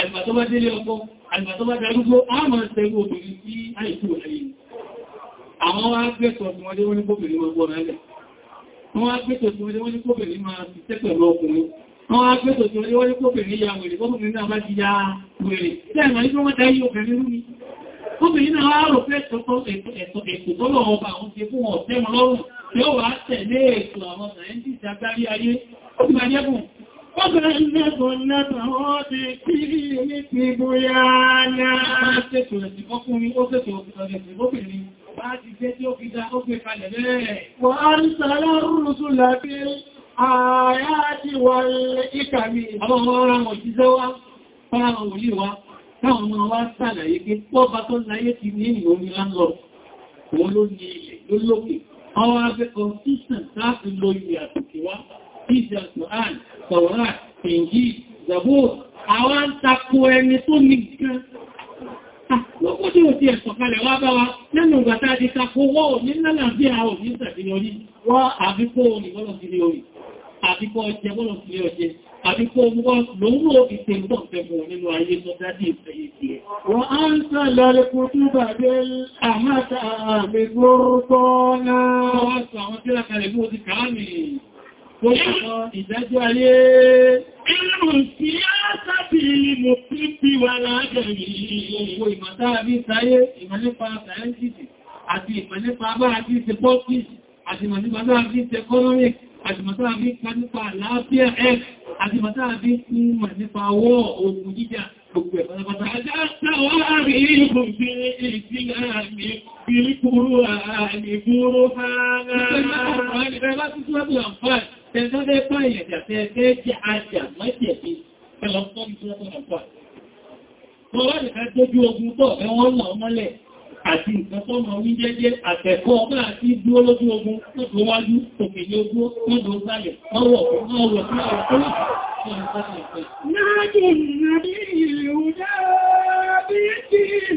àgbà tó bá délé ọkọ àgbà tó bá darúgbó á máa tẹ́gbó obìnrin tí àìkú ayé àwọn wá gbẹ́sọ̀ tí wọ́n dé wọ́n ní kóbìnrin máa gbọ́ra lẹ̀ wọ́n wá gbẹ́sọ̀ tí wọ́n dé wọ́n ní kóbìnrin máa fi tẹ́pẹ̀ lọ ọkùnrin wọ́n wá gbẹ́sọ̀ tí wọ́n dé wọ́n ní kóbìnrin ya wèrè kóbìnrin náà bá ti ya wèrè tẹ́ẹ̀mà ní wọ́n dáyé obìnrin rú ni kóbìnrin náà wá rò pé ẹ̀tọ́ ẹ̀tọ́ tọ́lọ̀ ọba àwọn ti fún ọ̀tẹ́mọlọ́rùn tí ó wà tẹ̀lé ètò àwọn sàyẹ́ntìsì agbárí ayé ó ti máa jẹ́bùn Àyájí wà ìkàmì àwọn ọmọ ọ̀rọ̀ òjíṣẹ́ wá, fara òlì wá, táwọn pé pọ́bà tó láyé ti ní ìlú omi lánlọ, òun ló ní ilẹ̀ lólókè, ọwọ́ afẹ́kọ̀ọ́ sísàn láti lo ilẹ̀ wá ìjọ Quran Tawrat Injil Zabur àwọn ń takò ẹni tó ní gan ah, lọ́pọ̀ tí ó ti ẹ̀sọ̀ kalẹ̀ wá bá wa nínú ìgbàta di takò wọ́ ní lálàáfíà ò ní ìsàtìlórí wọ́n àbíkó ìgbọ́lọ̀ sílé orí àbíkọ́ ọjẹ́ bọ́lọ̀ sílé ọjẹ́ àbíkọ́ ọmọ lòúrò ìtẹ̀gbọ́n fẹ́fún nínú ayé tó dájí ìfẹ̀yẹ̀ sí ẹ̀. wọ́n á ń sá lọ́rẹ̀ kò tí bàbẹ́ àmáta àmì gbórúkọ́ náà. wọ́n sọ àwọn tí Gbogbo ìdájọ́ ayé inú sí ásàbí mo kí bí wà láàájẹ̀ yìí owó ìmọ̀tá àbí ìsáyé ìmọ̀ nípa sàẹ́ntìsì àti ìmọ̀ nípa bá àti ìsẹ pọ́pìsì àti ìmọ̀ nípa bá àti ìsẹ kọ́nọ́mì àti ìmọ̀tá àbí ìpa nípa àlàáfíà x àti ìmọ̀tá àbí ìmọ̀ nípa ọwọ́ ogun jíjà gbogbo ẹ̀pàtàpàtà àti àtàwọ̀ àrí ìbùn bí ìsìnkú àmì ìrìkúrú àmì ìbúrú fáà Tẹ́lọ́dẹ́ àti nǹkan tó mọ̀ wí jẹ́jẹ́ àtẹ̀kọ́ ọgbà àti dúó lójú ogun tó wájú òkè ní ogún wọ́n lọ sálẹ̀ wọ́n ọwọ́ tí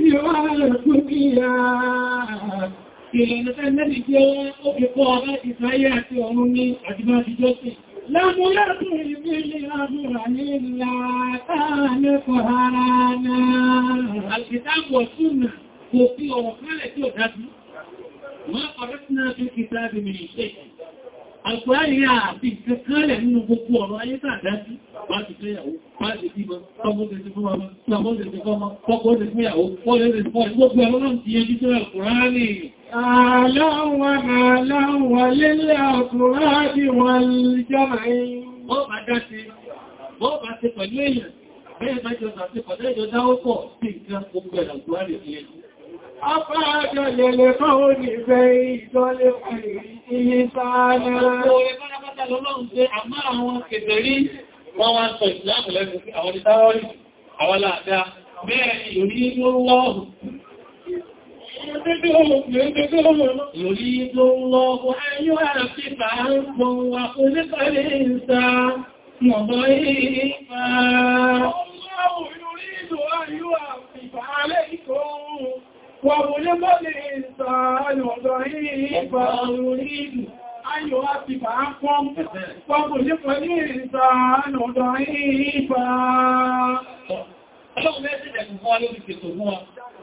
ọwọ́ tó tó nàbí ìlànà tẹ́ mẹ́rin tí ó fi kọ́ láti sáyé àti ọ̀run ní àjíbá àjíjọ́ sí. Lámúlẹ́kùn ìbí ilé àbúrà ní ìlà ààlẹ́kọ̀ọ́ ara náà. Àṣìdágbọ̀ súnà kò fi ọ̀rọ̀ kálẹ̀ tí ó dájú. Wọ́n ọ̀rẹ́sìnà fi kìtà bí mi ṣe. Àkùrárì àti ìkẹ́kẹ́lẹ̀ nínú gbogbo ọ̀rọ̀ ayé tàdájú, bá ti fẹ́yàwó, bá ti bímọ, tọ́gbọ́n ti fún ọmọ, tọ́gbọ́n ti fún ọmọ, tọ́gbọ́n ti ìyàwó, fọ́lẹ́ ti fún ọmọ, gbogbo ẹ̀rọ náà أعلى وأعلى وللأفراد والجمع Wọ́n bá ti pẹ̀lú èèyàn, bẹ́ẹ̀ bá jọ sàtíkọ̀ lẹ́jọ dáwọ́pọ̀ sí ìkan gbogbo ẹ̀lá tó wà lè fi ẹ̀lú. A bá àjọ lẹ̀lẹ̀ kan ó ní ìfẹ́ ìjọlẹ̀ pẹ̀lú ìyíṣàánà. Ó rẹ̀ bá rápátá àwọn kèfèrí wọ́n wá sọ ìsìláàmù lẹ́gbẹ̀ẹ́ àwọn ìtàwọ́rí, àwọn láàdá, bẹ́ẹ̀ ni òní يريد الله أن يعفف عنكم وخلق الإنسان مضيفا الله يريد أن يعفف عليكم وخلق الإنسان ضعيفا يريد أن يعفف عنكم وخلق الإنسان ضعيفا Ọlọ́run mẹ́sìn ẹ̀kùn fún wa lórí kètò fún wa.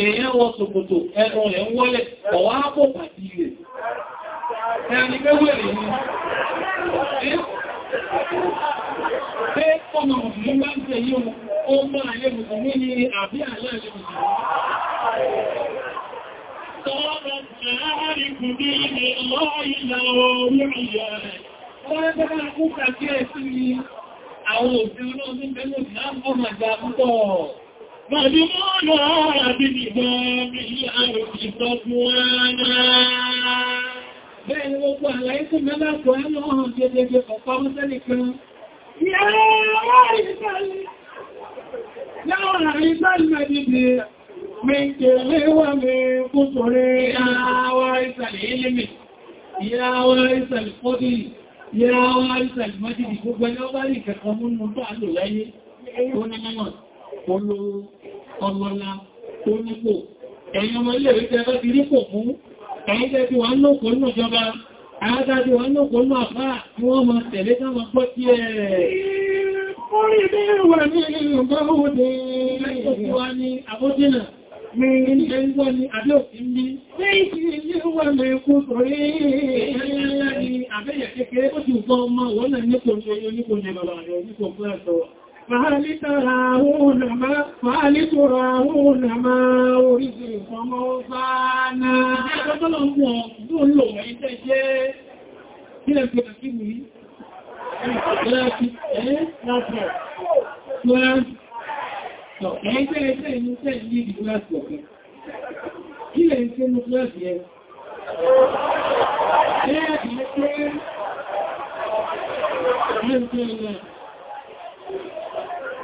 èèyàn wọ ṣòkòtò ẹnu rẹ̀ ń wọ́lẹ̀ ọ̀wá pọ̀ pàtí rẹ̀ ẹni pẹ́wẹ̀rẹ̀ ni pé ọmọ mùsùlùmí bá ń tẹ yí o ayé mùsùlùmí ni àbí àlẹ́ ẹ̀ṣẹ́ mùsùlùmí Àwọn òfin ọlọ́run bẹ̀rẹ̀ ìlànà ọmọ púpọ̀ ya بنظامه الأرض صفوانا ya gbogbo àlàyé tó mẹ́lá kò ẹnu ọ̀hàn tí ó dédé ọ̀pá mọ́sẹ́lì kan. Yáwọn àrísàlì mẹ́dìdì, mẹ́kèrè wà mẹ́ kúkúrẹ́ yáwọn àrísàlì ilimi, yáwọn àrísàlì kọ́dì, yáwọn àrísàlì mẹ́dìdì gbogbo ẹni ọ olówó ọmọlá onípò ẹ̀yìn ọmọ ilé ìwé tẹ́ẹ̀bá ti rípò fún ẹ̀yìn tẹ́ ti wà ń lòkó nù jọba àádájú wà ń Fàálítọ̀ráhún àmá oríṣi ìfọmọ́ fàánà. Ẹgbẹ́ tó lọ mú ọ̀dún lò mẹ́ iṣẹ́ jẹ́ kílẹ̀ fi àti mú ní. Ẹgbẹ́ ẹgbẹ́ ìmúṣẹ́ ìlú ìgbìláṣì ọ̀fẹ́. Kílẹ̀ ìṣẹ́ mú kíláṣì ẹ Ẹgbẹ́ ẹgbẹ́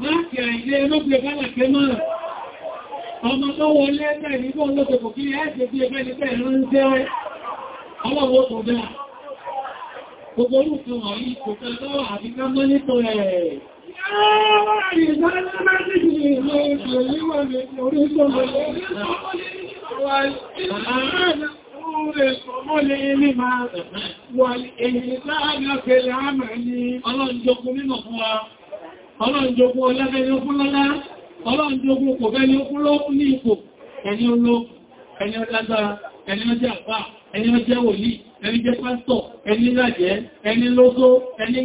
Máàkì àìlé olóògbé bára pé máa. Ọmọ tó wọlé ẹgbẹ́ ìrìnbọn olóògbò kí ní ẹ́ṣẹ́ bí ẹgbẹ́ ní bẹ́ẹ̀ rán jẹ́ ọlọ́wọ́ tó dá. Gbogbo olùkan wọ̀nyí kò kẹ́ lọ́wọ́ àti ká mọ́ nítọ́ ẹ̀. Ọlọ́run jọkún mímọ̀ fún wa ọlọ́njogún ọlọ́fẹ́ ni ó lọ́lá ọlọ́njogún kò fẹ́ ni ó lọ́kún ní ipò ẹni oló ẹni ọlágbára ẹni ọjẹ́ àpá ẹni ọjẹ́ wòlí ẹni jẹ́ pásítọ̀ ẹni lájẹ́ ẹni lóso ẹni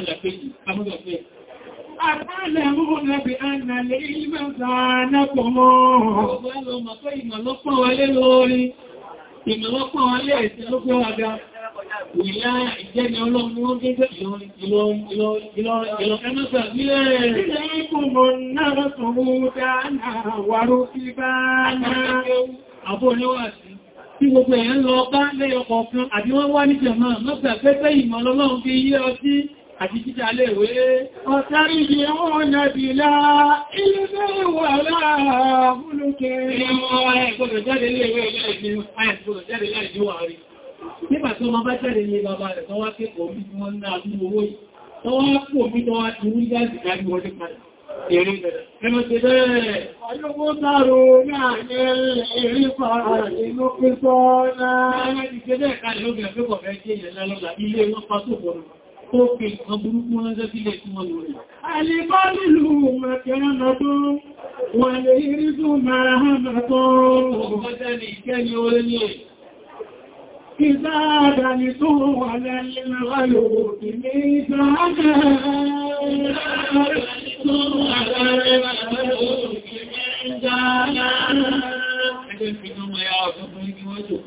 wọ́pọ̀ Àtàlẹ̀mú nàbì ànàlẹ̀ ilmẹ̀ sàánàpọ̀ mọ́. Ọgbọ́n lọ mọ̀ pé ìmọ̀lọ́pọ̀ wọlé lórí, ìmọ̀lọ́pọ̀ wọlé ẹ̀sẹ̀ ló fẹ́ wà dá. Ìlà ìjẹ́ni ọlọ́run ó gẹ́gẹ́ ìlọ́rin ẹmọ́sà nílẹ̀ ilẹ̀ ìkùnmọ̀ náà sọ̀rọ̀ dáadáa wàró sí bá náà. Àbọ̀ níwà sí tí gbogbo èèyàn lọ bá lẹ́yọkọ̀ọ̀kan àbí wọ́n wá ní jẹ̀mọ́ mọ́sà pẹ́pẹ́ ìmọ̀ àti títí alẹ́ ìwé ọ̀tàrí ìdí wọ́n nàbí láà ilé ìwà láàá múlùkẹ́ Nígbà tó ma bá jáde ní bàbá rẹ̀ tó wá kéèkò omi tí wọ́n náà ní owó yìí, tó wá ìdẹ̀dẹ̀. Ẹmọ́ ti bẹ́ẹ̀. Ọlọ́gbó tààrò náà ní èrè fara inú pípọ́ náà. Ẹmọ́ ti bẹ́ẹ̀ ká lóbi ẹ̀fẹ́kọ̀ọ́fẹ́ jẹ́ ìyẹn tó fi kan burúkú ránṣẹ́ sílẹ̀ fún wọn lórí. Àlèbọ́lùlù màkẹ́rànà tó wà lè rí tó máa hàmà tó ọgbọ́jẹ́ ni orí ní ẹ̀. Ìdáadà ni tó wà lẹ́lẹ́ náà yóò kì ní ìdáadà. Ìdáadà ni tó wà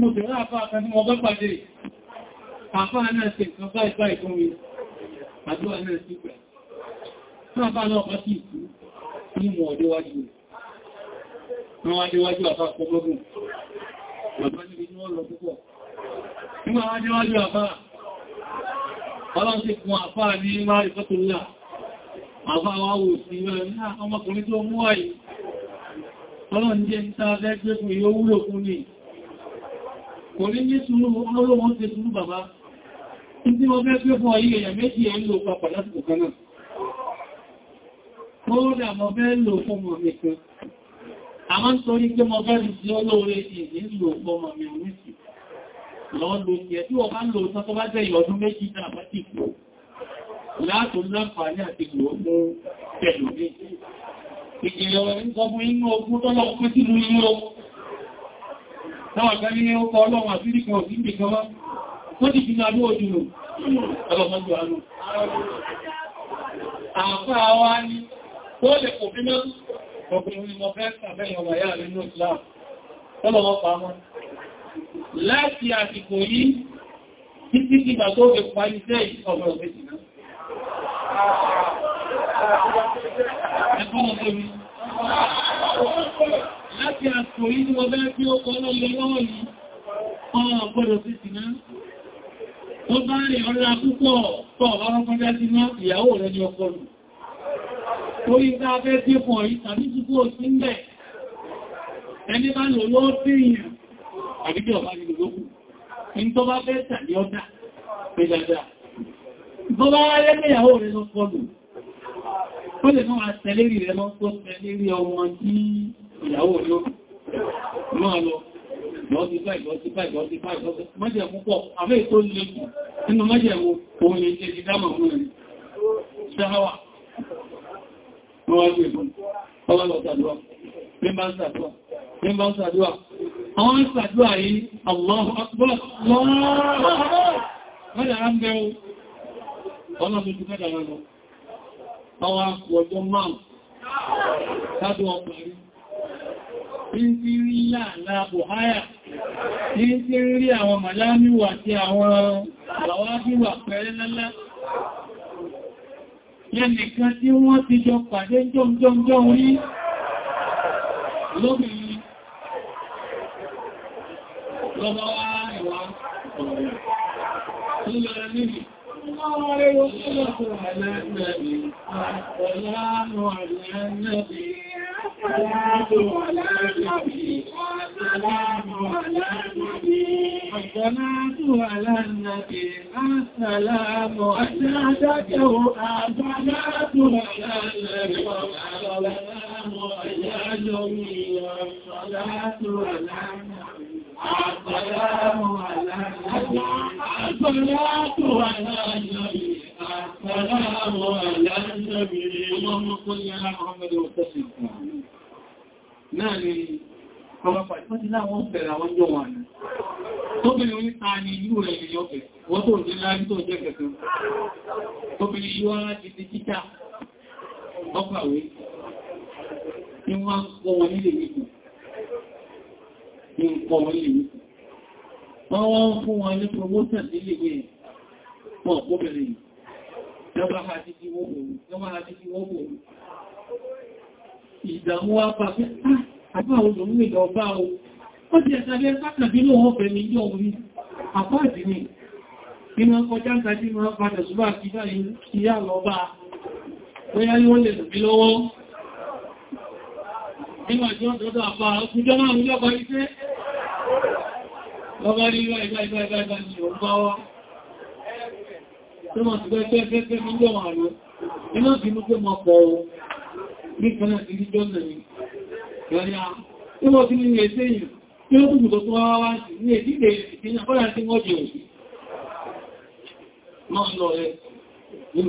mo sì rán àfáà kan tí bá pàdé àfáà náà ṣe nǹkan báyìí báyìí fún mi àdúrà náà sí pẹ̀ fún àfáà náà bá sí ìkú ní mọ̀ ọdíwájú àwọn adíwájú àfáà kọgbọ́gùn bàbá níbi ní wọ́n púpọ̀ kò ní ní sùúrù ọlọ́wọ́n ti sùúrù bàbá tí wọ́n fẹ́ fẹ́ fún ayé èèyàn méjì ẹ̀ ń lò papọ̀ lásìkò kan náà kódà mo fẹ́ lò fún mọ̀ mi kan àmọ́ nítorí pé mo fẹ́ lè sí ọlọ́ọ̀rẹ́ ìdí lò fún mọ̀ mi oníṣì lọ́ lò sí ẹ̀ tí wọ́n bá lò tán tó bá jẹ́ ìyọ̀dún méjì náà inú ogun táwọn àgbáyé ní ọkọ̀ ọlọ́run àti ìdíkan òsì ń bèkan wá wọ́n ti fi ní adó òjò lò ọlọ́mọdé àánú àfá wa ní tó lè kò bí náà ọkùnrin mọ̀ fẹ́ sàbẹ̀yàn ọmọ ìyá rẹ̀ ní Islam tọ́lọ́wọ́ pàmọ́ láti àsìkò yìí títí ìgbà tó lè parí sẹ́ ọmọ ìgbésì náà Ẹgbọ́n ọmọ láti àsìkò yìí ni mo bẹ́ bí ó kọ́ lọ́lọ́ lọ́wọ́ yìí ọmọ ọgbọ́dọ̀ sí ti náà tó bá rẹ̀ ọlá púpọ̀ tọ́ ọ̀rọ̀ kọjá sí náà ìyàwó rẹ̀ ní ọkọ lù torí tá a fẹ́ dé fún ọ̀yí tàbí túbú òsí ń bẹ̀ ẹni bá lò lọ́ sí ìyàn àbíjọ bá ní lòlókù ní tó bá fẹ́ tàbí ọdá pé dáadáa tó bá wá lẹ́gbẹ̀ ìyàwó rẹ̀ lọ́kọ lù ó lè mọ́ àtẹ̀lérí rẹ̀ lọ́kọ́ tẹ̀lérí ọmọ tí ìyàwó yóò máa lọ lọ́dí báyìí lọ́dí báyìí lọ́dí báyìí lọ́dí mọ́jẹ̀ púpọ̀ àfẹ́ ètò nínú mọ́jẹ̀ wo òun lè jẹ́ ti dámà mú rẹ̀ ṣáwà wọ́n wá gbé fún ọwọ́ lọ ní ti rí láàlá buhaya ní ti rí àwọn màlámíwà àti àwọn àwábíwà pẹ̀lẹ́ lálá lẹ́nìkan tí wọ́n ti jọ pàdé jọmjọmjọ orí lóbìnrin lọ́bọ̀ wá ìwà ọ̀rọ̀ tó lọ́rọ̀ níbi Ọlọ́run àrẹ́ ìwọ̀n tó lọ́pọ̀ àlẹ́ اللهم صل على محمد وسلم náà ni ọlọ́pàá ìfọ́n ti láwọn bẹ̀rẹ̀ àwọn jọ wọn ni tó bèèrè orí ta ni ìlú rẹ̀ ilẹ̀ ọ̀fẹ́ wọ́n tó ní láàrín tó jẹ́ kẹfẹ́ tó bèèrè yíwá láti ti títà ọkàwé ni wọ́n ń kọ wọn nílé nìkù wọ́n wọ́n fún wọn ní promotion nílé ìwé wọn kó bẹ̀rẹ̀ yìí ìdàmú wá bá pé ìdà ọba o ó ti ẹ̀ta bí ló wọ́n yọ orí ni nínú padà ṣùgbà kí lọ́ba ní wọ́n lè rùbí lọ́wọ́ ó àpá ọkùnjọ́ máa ń níkaná ìdí jọ́nà ni lọ́nà ìwọ̀n tí ní ẹ̀ṣẹ́ yìí tí ó kùkù tó tó wá wá sí ní èdílé ìpínlẹ̀ kọ́lá tí wọ́n jẹ òsì máa lọ rẹ̀ nínú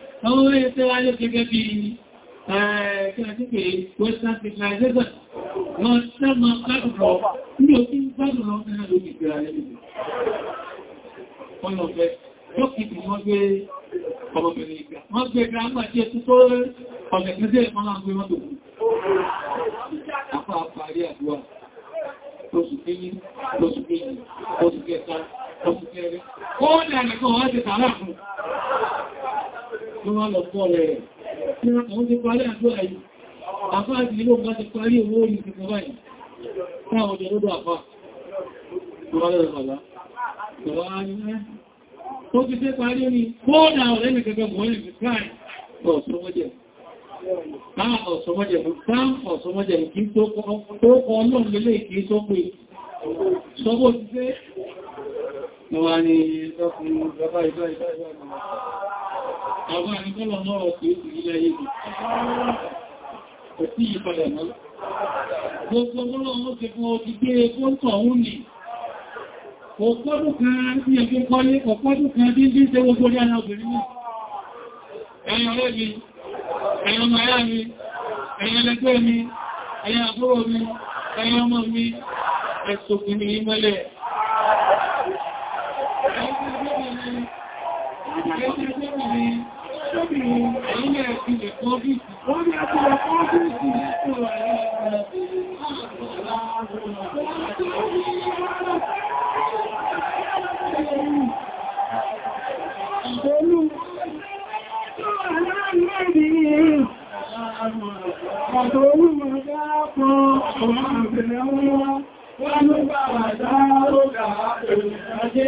Àwọn orí ẹsẹ́ wá ló gẹ́gẹ́ bí ẹ̀ẹ́kẹ́lẹ́tíkẹ́ eh, Western civilization. Wọ́n sẹ́mọ̀ gbádùn lọ, ní òkú gbádùn lọ ní àlókè ìgbèrà lẹ́gbẹ̀ẹ́. Wọ́n lọ fẹ́, lókìtì wọ́n gbé ọmọbìnrin ìgbà. Wọ́n gbé gbàmgbà tí ẹ tún tó ọ̀gẹ̀ tí ó dé ìpọ́nlá gbé mọ́tò. Àpá àpàrí àdúwà, lóṣù kéyí, lóṣù kéyí, lóṣù kẹta, lóṣù kẹrẹ. Ó ní àlẹ́kọ̀ọ́ wọ́n ti tààrà fún ló máa lọ fọ́ rẹ̀ rẹ̀. Wọ́n ti parí àdúrà yìí. Àfá àti ilé ọgbà ti parí owó orí ti fún báyìí. Táwọn ọjọ́ lọ́dọ̀ àfá. Ó ti fẹ́ parí ní kóòdà ọ̀rẹ́ nìkẹ́kẹ́ mọ̀ ní Israel ọ̀sọ́mọ́jẹ̀. Táà ọ̀sọ́mọ́jẹ̀ fún táà ọ̀sọ́mọ́jẹ̀ kí tó kọ́ ọlọ́run lélẹ̀ kí tó pé. Sọ́bọ̀ ti fẹ́ àwọn àníkọ́lọ̀ mọ́rọ̀ pé èsì ilẹ̀ ayébì ẹ̀sí ìpadà mọ́ gbogbo mọ́rọ̀ mọ́ ti fún ọdí gbé e kóntọ̀ òun ni ọ̀pọ̀dún kan ní ẹgbẹ́ Thank you. Wọ́n ló bá wà dáa ó gàá ẹ̀rùn ajé